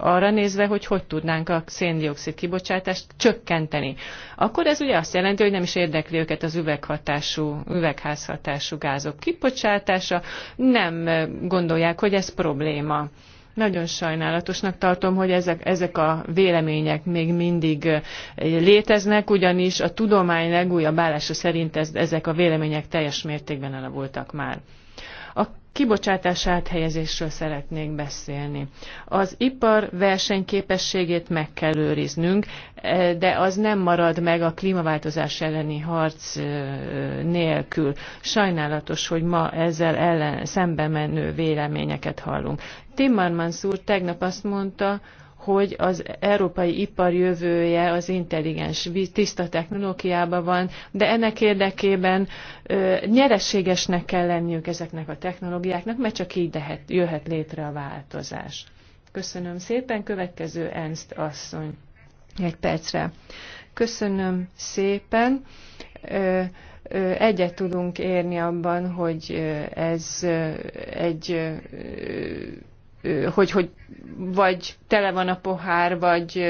arra nézve, hogy hogy tudnánk a széndiokszid kibocsátást csökkenteni. Akkor ez ugye azt jelenti, hogy nem is érdekli őket az üveghatású, üvegházhatású gázok kibocsátása, nem gondolják, hogy ez probléma. Nagyon sajnálatosnak tartom, hogy ezek, ezek a vélemények még mindig eh, léteznek, ugyanis a tudomány legújabb állása szerint ez, ezek a vélemények teljes mértékben elavultak már. A kibocsátás áthelyezésről szeretnék beszélni. Az ipar versenyképességét meg kell őriznünk, e, de az nem marad meg a klímaváltozás elleni harc e, nélkül. Sajnálatos, hogy ma ezzel ellen, szembe menő véleményeket hallunk. Timmermans úr tegnap azt mondta, hogy az európai ipar jövője az intelligens, tiszta technológiában van, de ennek érdekében nyereségesnek kell lenniük ezeknek a technológiáknak, mert csak így lehet, jöhet létre a változás. Köszönöm szépen, következő Ernst asszony. Egy percre. Köszönöm szépen egyet tudunk érni abban, hogy ez egy hogy, hogy vagy tele van a pohár, vagy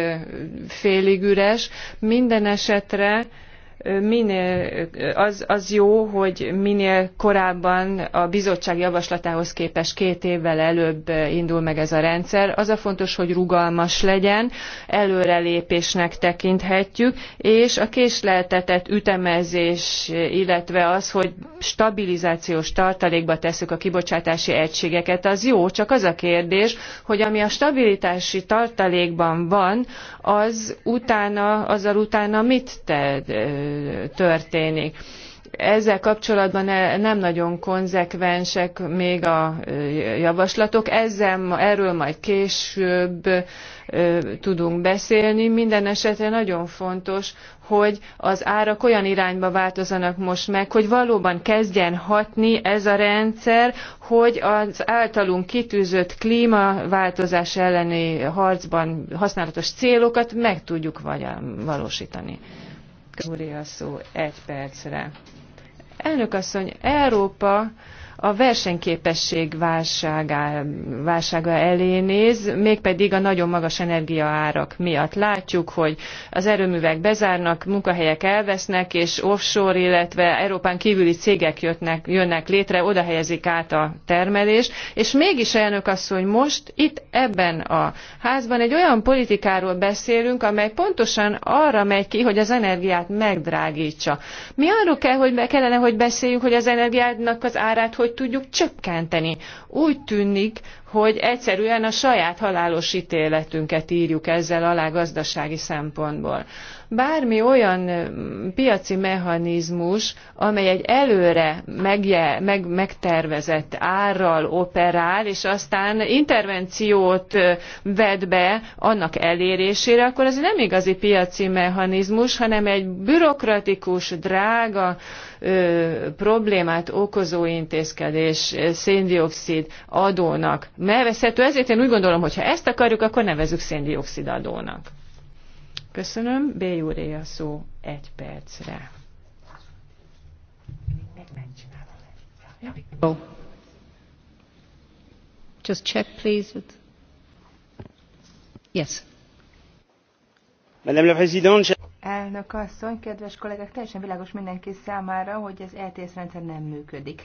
félig üres. Minden esetre minél, az, az jó, hogy minél korábban a bizottság javaslatához képest két évvel előbb indul meg ez a rendszer. Az a fontos, hogy rugalmas legyen, előrelépésnek tekinthetjük, és a késleltetett ütemezés, illetve az, hogy stabilizációs tartalékba tesszük a kibocsátási egységeket, az jó, csak az a kérdés, hogy ami a stabilitási tartalékban van, az utána, azzal utána mit te, történik. Ezzel kapcsolatban nem nagyon konzekvensek még a javaslatok, ezzel, erről majd később tudunk beszélni. Minden esetre nagyon fontos, hogy az árak olyan irányba változanak most meg, hogy valóban kezdjen hatni ez a rendszer, hogy az általunk kitűzött klímaváltozás elleni harcban használatos célokat meg tudjuk valósítani. Úri egy percre. Elnök asszony, Európa a versenyképesség válsága, válsága elé néz, mégpedig a nagyon magas energiaárak miatt. Látjuk, hogy az erőművek bezárnak, munkahelyek elvesznek, és offshore, illetve Európán kívüli cégek jötnek, jönnek létre, oda helyezik át a termelést, és mégis elnök hogy most itt ebben a házban egy olyan politikáról beszélünk, amely pontosan arra megy ki, hogy az energiát megdrágítsa. Mi arról kell, hogy kellene, hogy beszéljünk, hogy az energiának az árát hogy hogy tudjuk csökkenteni. Úgy tűnik, hogy egyszerűen a saját halálos ítéletünket írjuk ezzel alá gazdasági szempontból. Bármi olyan piaci mechanizmus, amely egy előre megje, meg, megtervezett árral operál, és aztán intervenciót vet be annak elérésére, akkor ez nem igazi piaci mechanizmus, hanem egy bürokratikus, drága, ö, problémát okozó intézkedés széndiokszid adónak elveszhető. Ezért én úgy gondolom, hogy ha ezt akarjuk, akkor nevezük széndiokszid adónak. Köszönöm. B. Júré a szó egy percre. Just check, please. Yes. Madame la Présidente, Elnök asszony, kedves kollégák, teljesen világos mindenki számára, hogy az ETS rendszer nem működik.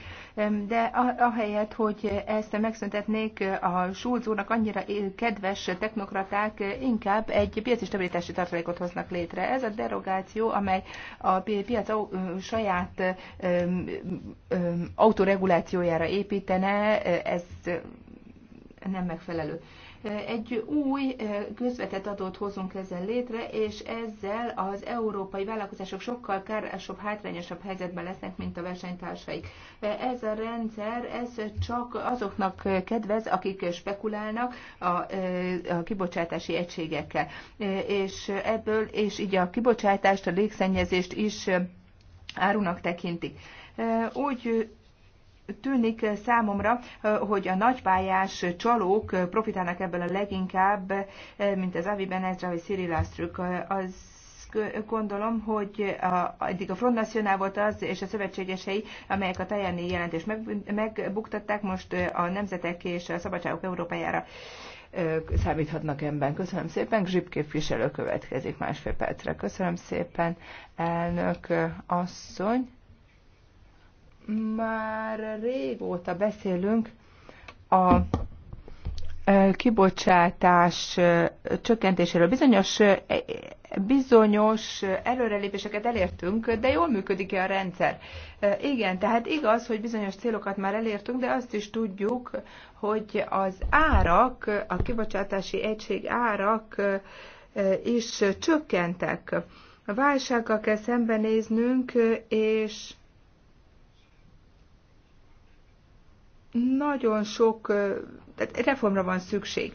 De ahelyett, hogy ezt megszüntetnék, a Schulz úrnak annyira kedves technokraták inkább egy piaci stabilitási tartalékot hoznak létre. Ez a derogáció, amely a piac saját autoregulációjára építene, ez nem megfelelő. Egy új közvetett adót hozunk ezzel létre, és ezzel az európai vállalkozások sokkal károsabb, hátrányosabb helyzetben lesznek, mint a versenytársaik. Ez a rendszer, ez csak azoknak kedvez, akik spekulálnak a, a kibocsátási egységekkel. És ebből, és így a kibocsátást, a légszennyezést is árunak tekintik. Úgy tűnik eh, számomra, eh, hogy a nagypályás csalók eh, profitálnak ebből a leginkább, mint az Avi Benezra vagy Cyril Astruk. Az gondolom, hogy a, eddig a Front National volt az, és a szövetségesei, amelyek a tajáni jelentést meg, megbuktatták, most a Nemzetek és a Szabadságok Európájára számíthatnak ebben. Köszönöm szépen. Zsip képviselő következik másfél percre. Köszönöm szépen, elnök asszony. Már régóta beszélünk a kibocsátás csökkentéséről. Bizonyos, e, bizonyos előrelépéseket elértünk, de jól működik-e a rendszer? Igen, tehát igaz, hogy bizonyos célokat már elértünk, de azt is tudjuk, hogy az árak, a kibocsátási egység árak is csökkentek. A válsággal kell szembenéznünk, és nagyon sok tehát reformra van szükség.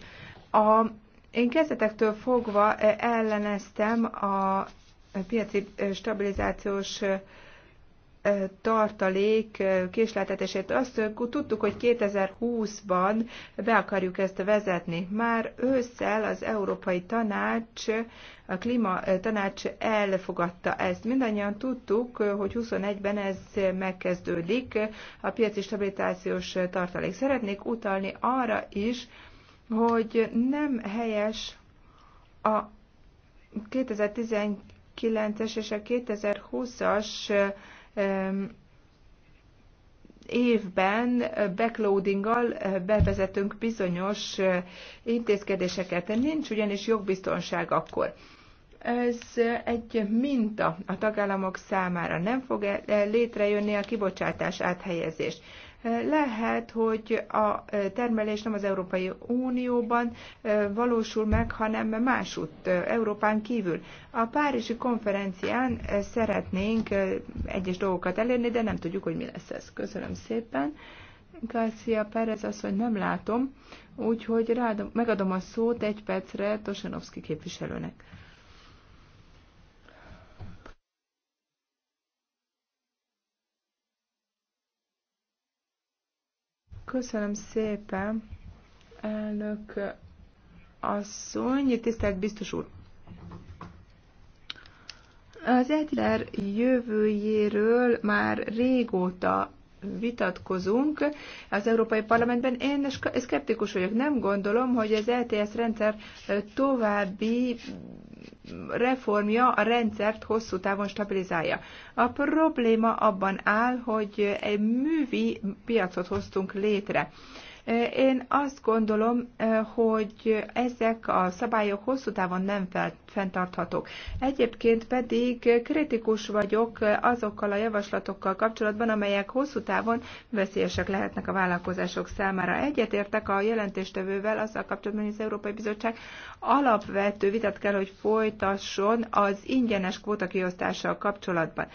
A, én kezdetektől fogva elleneztem a piaci stabilizációs tartalék késleltetését. Azt tudtuk, hogy 2020-ban be akarjuk ezt vezetni. Már ősszel az Európai Tanács, a Klíma Tanács elfogadta ezt. Mindannyian tudtuk, hogy 21-ben ez megkezdődik, a piaci stabilitációs tartalék. Szeretnék utalni arra is, hogy nem helyes a 2019-es és a 2020-as évben backloadinggal eh, bevezetünk bizonyos eh, intézkedéseket. Nincs ugyanis jogbiztonság akkor. Ez eh, egy minta a tagállamok számára. Nem fog létrejönni a kibocsátás áthelyezés. Lehet, hogy a termelés nem az Európai Unióban valósul meg, hanem másutt, Európán kívül. A Párizsi konferencián szeretnénk egyes dolgokat elérni, de nem tudjuk, hogy mi lesz ez. Köszönöm szépen. Garcia Perez azt, hogy nem látom, úgyhogy rádom, megadom a szót egy percre Tosanovszki képviselőnek. Köszönöm szépen, elnök asszony, tisztelt biztos úr. Az Edler jövőjéről már régóta vitatkozunk az Európai Parlamentben. Én szkeptikus vagyok. Nem gondolom, hogy az LTS rendszer további reformja a rendszert hosszú távon stabilizálja. A probléma abban áll, hogy egy művi piacot hoztunk létre. Én azt gondolom, hogy ezek a szabályok hosszú távon nem fenntarthatók. Egyébként pedig kritikus vagyok azokkal a javaslatokkal kapcsolatban, amelyek hosszú távon veszélyesek lehetnek a vállalkozások számára. Egyetértek a jelentéstevővel azzal kapcsolatban, hogy az Európai Bizottság alapvető vitat kell, hogy folytasson az ingyenes kvóta kiosztással kapcsolatban.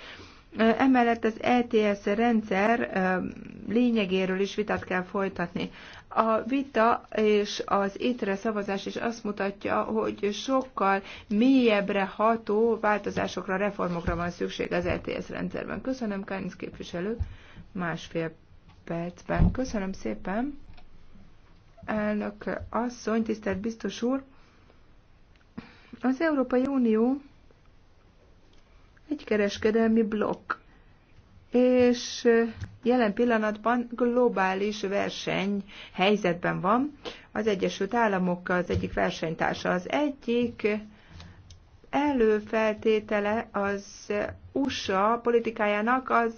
Emellett az ETS rendszer lényegéről is vitát kell folytatni. A vita és az étre szavazás is azt mutatja, hogy sokkal mélyebbre ható változásokra, reformokra van szükség az ETS rendszerben. Köszönöm, Kánc képviselő, másfél percben. Köszönöm szépen, elnök asszony, tisztelt biztos úr. Az Európai Unió egy kereskedelmi blokk. És eh, jelen pillanatban globális verseny helyzetben van. Az Egyesült Államok az egyik versenytársa. Az egyik előfeltétele az USA politikájának az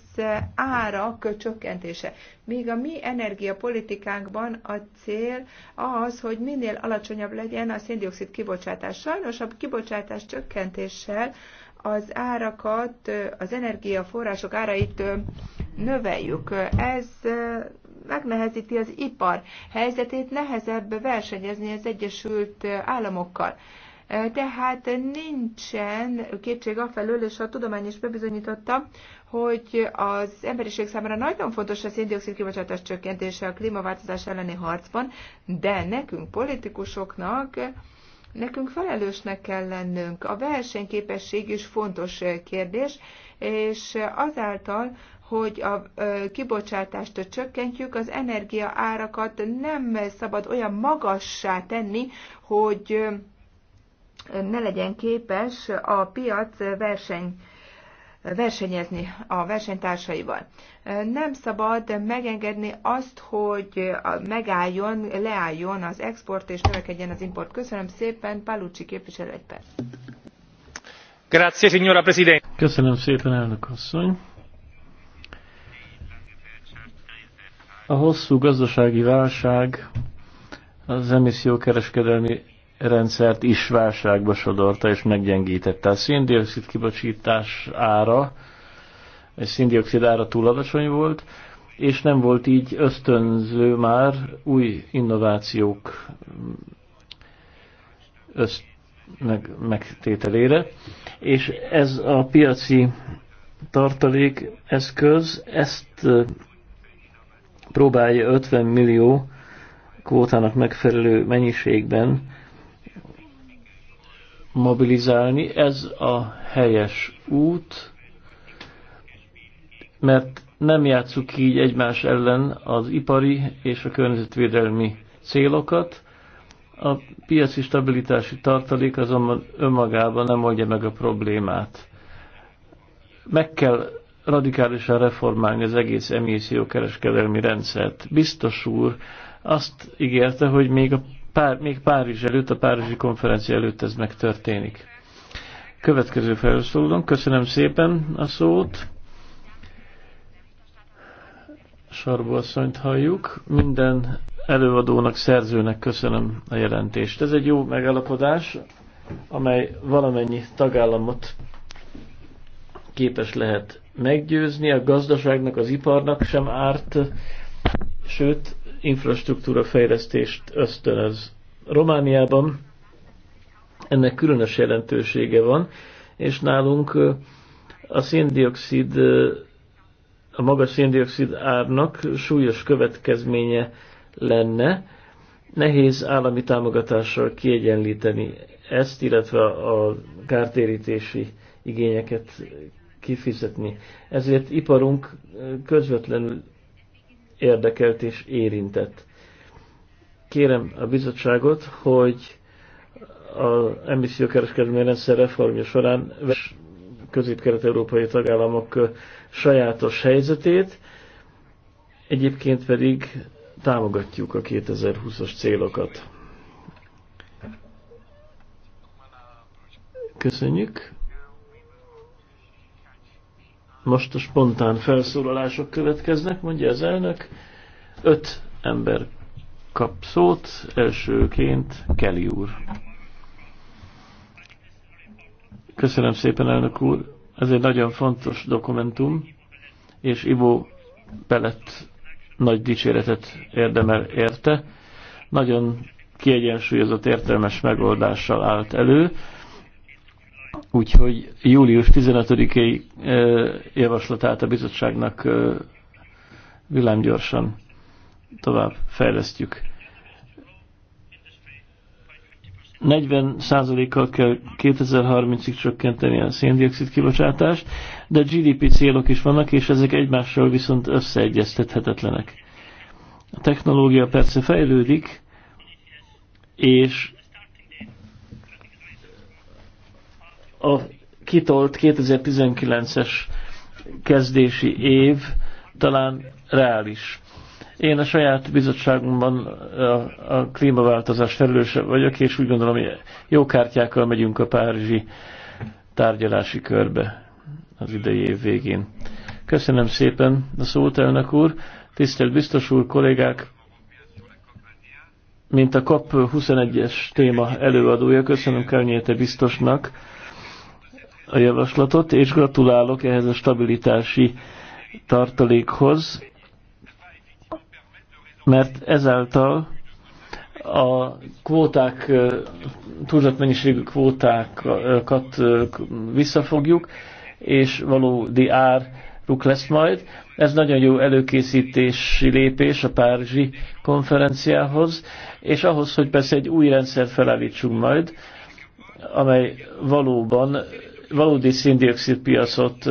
árak csökkentése. Míg a mi energiapolitikánkban a cél az, hogy minél alacsonyabb legyen a széndiokszid kibocsátás. Sajnos a kibocsátás csökkentéssel az árakat, az energiaforrások árait növeljük. Ez megnehezíti az ipar helyzetét, nehezebb versenyezni az Egyesült Államokkal. Tehát nincsen kétség afelől, és a tudomány is bebizonyította, hogy az emberiség számára nagyon fontos a széndiokszid kibocsátás csökkentése a klímaváltozás elleni harcban, de nekünk politikusoknak Nekünk felelősnek kell lennünk. A versenyképesség is fontos eh, kérdés, és eh, azáltal, hogy a eh, kibocsátást csökkentjük, az energia árakat nem szabad olyan magassá tenni, hogy ne legyen képes a piac verseny versenyezni a versenytársaival. Nem szabad megengedni azt, hogy megálljon, leálljon az export és növekedjen az import. Köszönöm szépen, Palucsi képviselő egy perc. signora Köszönöm szépen, elnök asszony. A hosszú gazdasági válság az emissziókereskedelmi rendszert is válságba sodorta és meggyengítette. A széndiokszid kibocsítás ára, a széndiokszid ára túl alacsony volt, és nem volt így ösztönző már új innovációk öszt, meg, megtételére, és ez a piaci tartalék eszköz, ezt próbálja 50 millió kvótának megfelelő mennyiségben mobilizálni. Ez a helyes út, mert nem játsszuk így egymás ellen az ipari és a környezetvédelmi célokat. A piaci stabilitási tartalék azonban önmagában nem oldja meg a problémát. Meg kell radikálisan reformálni az egész emissziókereskedelmi rendszert. Biztos úr azt ígérte, hogy még a pár, még Párizs előtt, a Párizsi konferencia előtt ez megtörténik. Következő felszólalom, köszönöm szépen a szót. Sarbasszonyt halljuk. Minden előadónak, szerzőnek köszönöm a jelentést. Ez egy jó megállapodás, amely valamennyi tagállamot képes lehet meggyőzni, a gazdaságnak, az iparnak sem árt, sőt, infrastruktúra fejlesztést ösztönöz. Romániában ennek különös jelentősége van, és nálunk a széndiokszid, a magas széndiokszid árnak súlyos következménye lenne, nehéz állami támogatással kiegyenlíteni ezt, illetve a kártérítési igényeket kifizetni. Ezért iparunk közvetlenül érdekelt és érintett. Kérem a bizottságot, hogy az emissziókereskedelmi rendszer reformja során közép-kelet-európai tagállamok sajátos helyzetét, egyébként pedig támogatjuk a 2020-as célokat. Köszönjük. Most a spontán felszólalások következnek, mondja az elnök. Öt ember kap szót, elsőként Kelly úr. Köszönöm szépen, elnök úr. Ez egy nagyon fontos dokumentum, és Ivo Pellett nagy dicséretet érdemel érte. Nagyon kiegyensúlyozott értelmes megoldással állt elő, Úgyhogy július 15-i javaslatát a bizottságnak villámgyorsan tovább fejlesztjük. 40%-kal kell 2030-ig csökkenteni a széndiokszid kibocsátást, de GDP célok is vannak, és ezek egymással viszont összeegyeztethetetlenek. A technológia persze fejlődik, és a kitolt 2019-es kezdési év talán reális. Én a saját bizottságomban a, a klímaváltozás felelőse vagyok, és úgy gondolom, hogy jó kártyákkal megyünk a párizsi tárgyalási körbe az idei év végén. Köszönöm szépen a szót, elnök úr. Tisztelt biztos úr, kollégák, mint a COP 21-es téma előadója, köszönöm Kárnyéte biztosnak, a javaslatot, és gratulálok ehhez a stabilitási tartalékhoz, mert ezáltal a kvóták, túlzott mennyiségű kvótákat visszafogjuk, és valódi áruk lesz majd. Ez nagyon jó előkészítési lépés a Párizsi konferenciához, és ahhoz, hogy persze egy új rendszer felállítsunk majd, amely valóban valódi széndiokszid piacot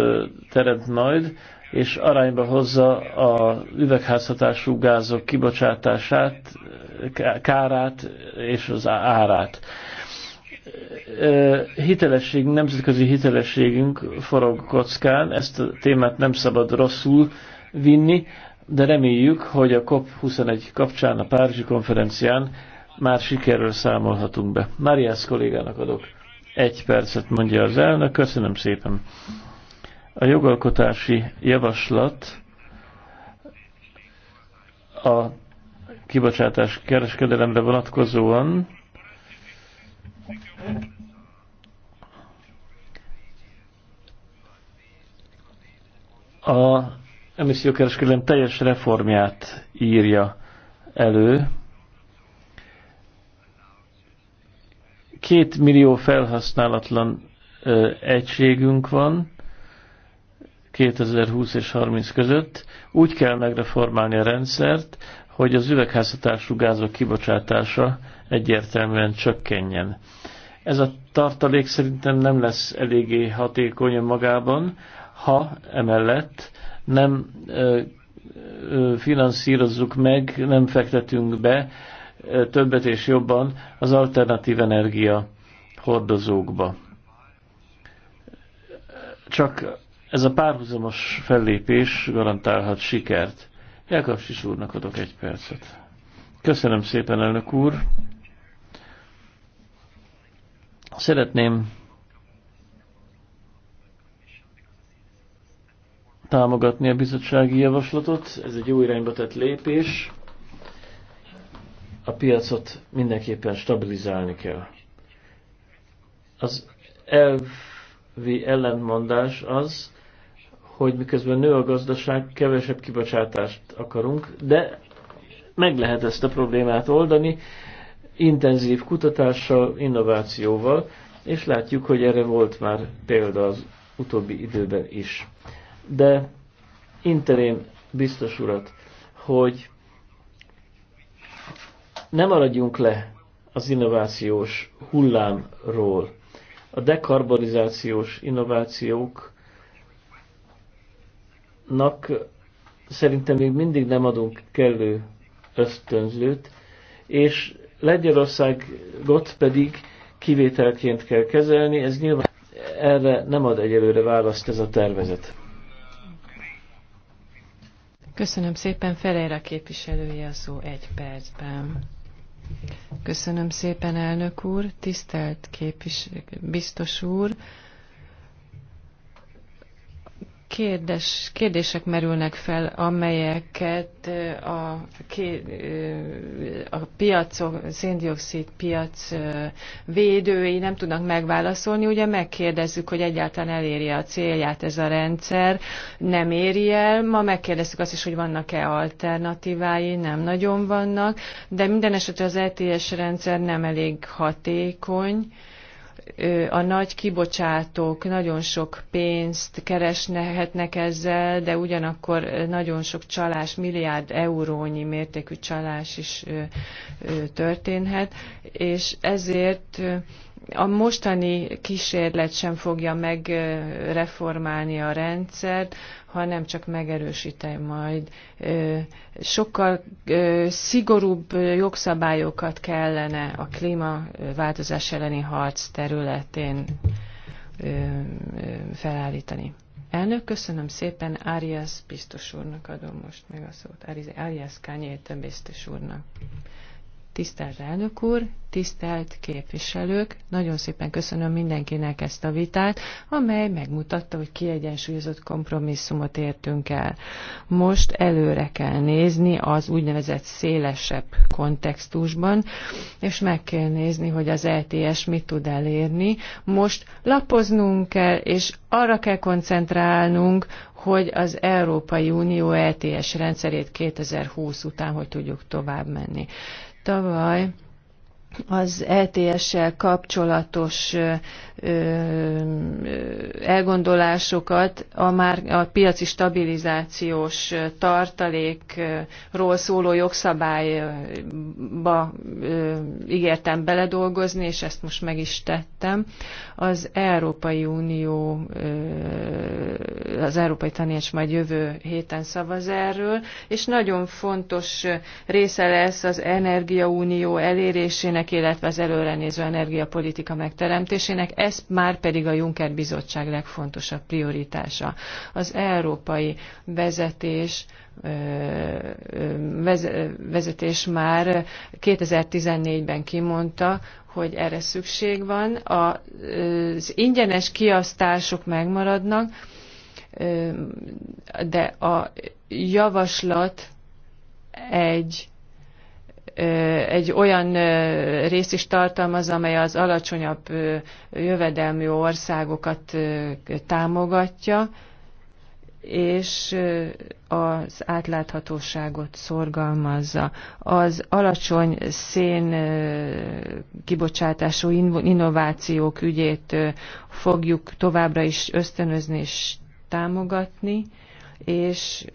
teremt majd, és arányba hozza a üvegházhatású gázok kibocsátását, kárát és az árát. Hitelesség, nemzetközi hitelességünk forog kockán, ezt a témát nem szabad rosszul vinni, de reméljük, hogy a COP21 kapcsán, a Párizsi konferencián már sikerről számolhatunk be. Máriász kollégának adok egy percet mondja az elnök, köszönöm szépen. A jogalkotási javaslat a kibocsátás kereskedelemre vonatkozóan a emissziókereskedelem teljes reformját írja elő, Két millió felhasználatlan ö, egységünk van 2020 és 30 között. Úgy kell megreformálni a rendszert, hogy az üvegházhatású gázok kibocsátása egyértelműen csökkenjen. Ez a tartalék szerintem nem lesz eléggé hatékony magában, ha emellett nem ö, finanszírozzuk meg, nem fektetünk be többet és jobban az alternatív energia hordozókba. Csak ez a párhuzamos fellépés garantálhat sikert. Jakab úrnak adok egy percet. Köszönöm szépen, elnök úr. Szeretném támogatni a bizottsági javaslatot. Ez egy jó irányba tett lépés a piacot mindenképpen stabilizálni kell. Az elvi ellentmondás az, hogy miközben nő a gazdaság, kevesebb kibocsátást akarunk, de meg lehet ezt a problémát oldani intenzív kutatással, innovációval, és látjuk, hogy erre volt már példa az utóbbi időben is. De interén biztos urat, hogy ne maradjunk le az innovációs hullámról. A dekarbonizációs innovációknak szerintem még mindig nem adunk kellő ösztönzőt, és Lengyelországot pedig kivételként kell kezelni, ez nyilván erre nem ad egyelőre választ ez a tervezet. Köszönöm szépen, Ferejra képviselője a szó egy percben. Köszönöm szépen, elnök úr, tisztelt képvis, biztos úr kérdés, kérdések merülnek fel, amelyeket a, a piacok, széndiokszid piac védői nem tudnak megválaszolni. Ugye megkérdezzük, hogy egyáltalán eléri a célját ez a rendszer, nem éri el. Ma megkérdezzük azt is, hogy vannak-e alternatívái, nem nagyon vannak, de minden esetre az ETS rendszer nem elég hatékony a nagy kibocsátók nagyon sok pénzt keresnehetnek ezzel, de ugyanakkor nagyon sok csalás, milliárd eurónyi mértékű csalás is történhet, és ezért a mostani kísérlet sem fogja megreformálni a rendszert, hanem csak megerősíteni majd. Sokkal szigorúbb jogszabályokat kellene a klímaváltozás elleni harc területén felállítani. Elnök, köszönöm szépen, Arias biztos úrnak adom most meg a szót. Arias Kányéte biztos úrnak. Tisztelt elnök úr, tisztelt képviselők, nagyon szépen köszönöm mindenkinek ezt a vitát, amely megmutatta, hogy kiegyensúlyozott kompromisszumot értünk el. Most előre kell nézni az úgynevezett szélesebb kontextusban, és meg kell nézni, hogy az LTS e mit tud elérni. Most lapoznunk kell, és arra kell koncentrálnunk, hogy az Európai Unió ETS rendszerét 2020 után hogy tudjuk tovább menni. Tavaly az ETS-sel kapcsolatos elgondolásokat a, már, a piaci stabilizációs tartalékról szóló jogszabályba ígértem beledolgozni, és ezt most meg is tettem. Az Európai Unió, az Európai Tanács majd jövő héten szavaz erről, és nagyon fontos része lesz az Energiaunió elérésének, illetve az előrenéző energiapolitika megteremtésének. Ezt ez már pedig a Juncker Bizottság legfontosabb prioritása. Az európai vezetés vezetés már 2014-ben kimondta, hogy erre szükség van. Az ingyenes kiasztások megmaradnak, de a javaslat egy egy olyan rész is tartalmaz, amely az alacsonyabb jövedelmű országokat támogatja, és az átláthatóságot szorgalmazza. Az alacsony szén kibocsátású innovációk ügyét fogjuk továbbra is ösztönözni és támogatni, és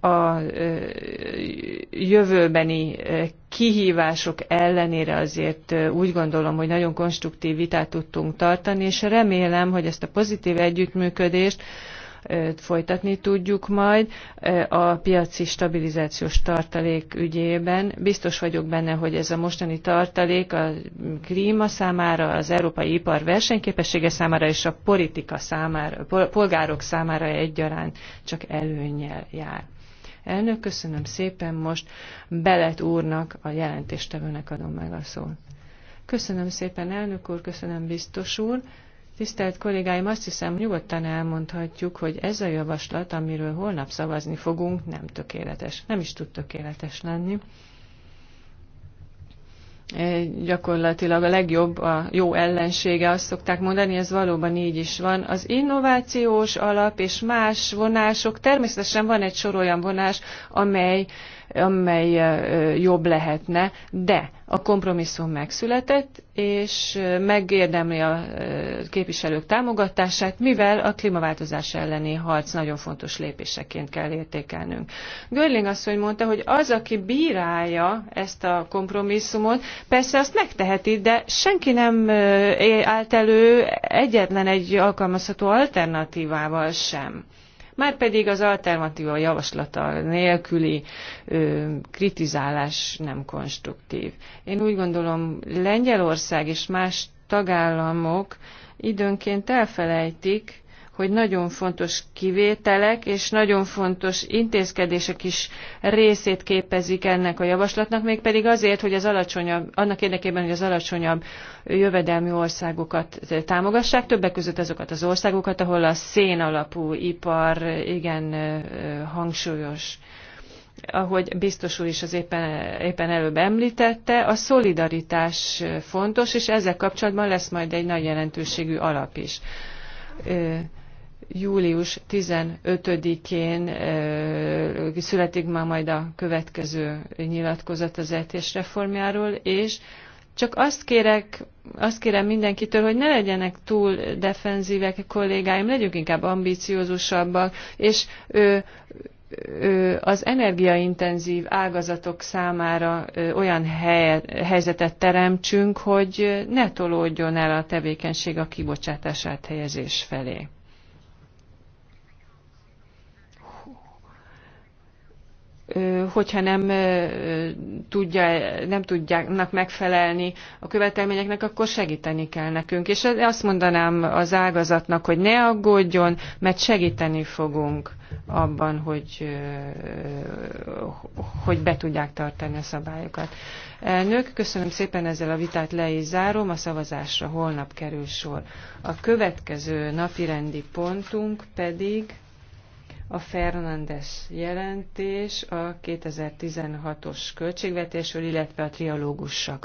a jövőbeni kihívások ellenére azért úgy gondolom, hogy nagyon konstruktív vitát tudtunk tartani, és remélem, hogy ezt a pozitív együttműködést folytatni tudjuk majd a piaci stabilizációs tartalék ügyében. Biztos vagyok benne, hogy ez a mostani tartalék a klíma számára, az európai ipar versenyképessége számára és a politika számára, polgárok számára egyaránt csak előnyel jár. Elnök, köszönöm szépen, most Belet úrnak, a jelentéstevőnek adom meg a szót. Köszönöm szépen, elnök úr, köszönöm biztos úr. Tisztelt kollégáim, azt hiszem nyugodtan elmondhatjuk, hogy ez a javaslat, amiről holnap szavazni fogunk, nem tökéletes. Nem is tud tökéletes lenni. Eh, gyakorlatilag a legjobb, a jó ellensége, azt szokták mondani, ez valóban így is van. Az innovációs alap és más vonások, természetesen van egy sor olyan vonás, amely, amely eh, jobb lehetne, de a kompromisszum megszületett, és megérdemli a képviselők támogatását, mivel a klímaváltozás elleni harc nagyon fontos lépéseként kell értékelnünk. Görling asszony mondta, hogy az, aki bírálja ezt a kompromisszumot, persze azt megteheti, de senki nem állt elő egyetlen egy alkalmazható alternatívával sem. Márpedig az alternatíva javaslata nélküli ö, kritizálás nem konstruktív. Én úgy gondolom, Lengyelország és más tagállamok időnként elfelejtik, hogy nagyon fontos kivételek és nagyon fontos intézkedések is részét képezik ennek a javaslatnak, mégpedig azért, hogy az alacsonyabb, annak érdekében, hogy az alacsonyabb jövedelmi országokat támogassák, többek között azokat az országokat, ahol a szén alapú ipar igen hangsúlyos ahogy biztos úr is az éppen, éppen előbb említette, a szolidaritás fontos, és ezzel kapcsolatban lesz majd egy nagy jelentőségű alap is július 15-én születik már majd a következő nyilatkozat az ETS reformjáról, és csak azt kérek, azt kérem mindenkitől, hogy ne legyenek túl defenzívek kollégáim, legyünk inkább ambíciózusabbak, és ö, ö, az energiaintenzív ágazatok számára ö, olyan hely, helyzetet teremtsünk, hogy ne tolódjon el a tevékenység a kibocsátását helyezés felé. hogyha nem, tudja, nem tudják megfelelni a követelményeknek, akkor segíteni kell nekünk. És azt mondanám az ágazatnak, hogy ne aggódjon, mert segíteni fogunk abban, hogy, hogy be tudják tartani a szabályokat. Elnök, köszönöm szépen ezzel a vitát le is zárom, a szavazásra holnap kerül sor. A következő napirendi pontunk pedig a Fernandes jelentés a 2016-os költségvetésről, illetve a trialógussal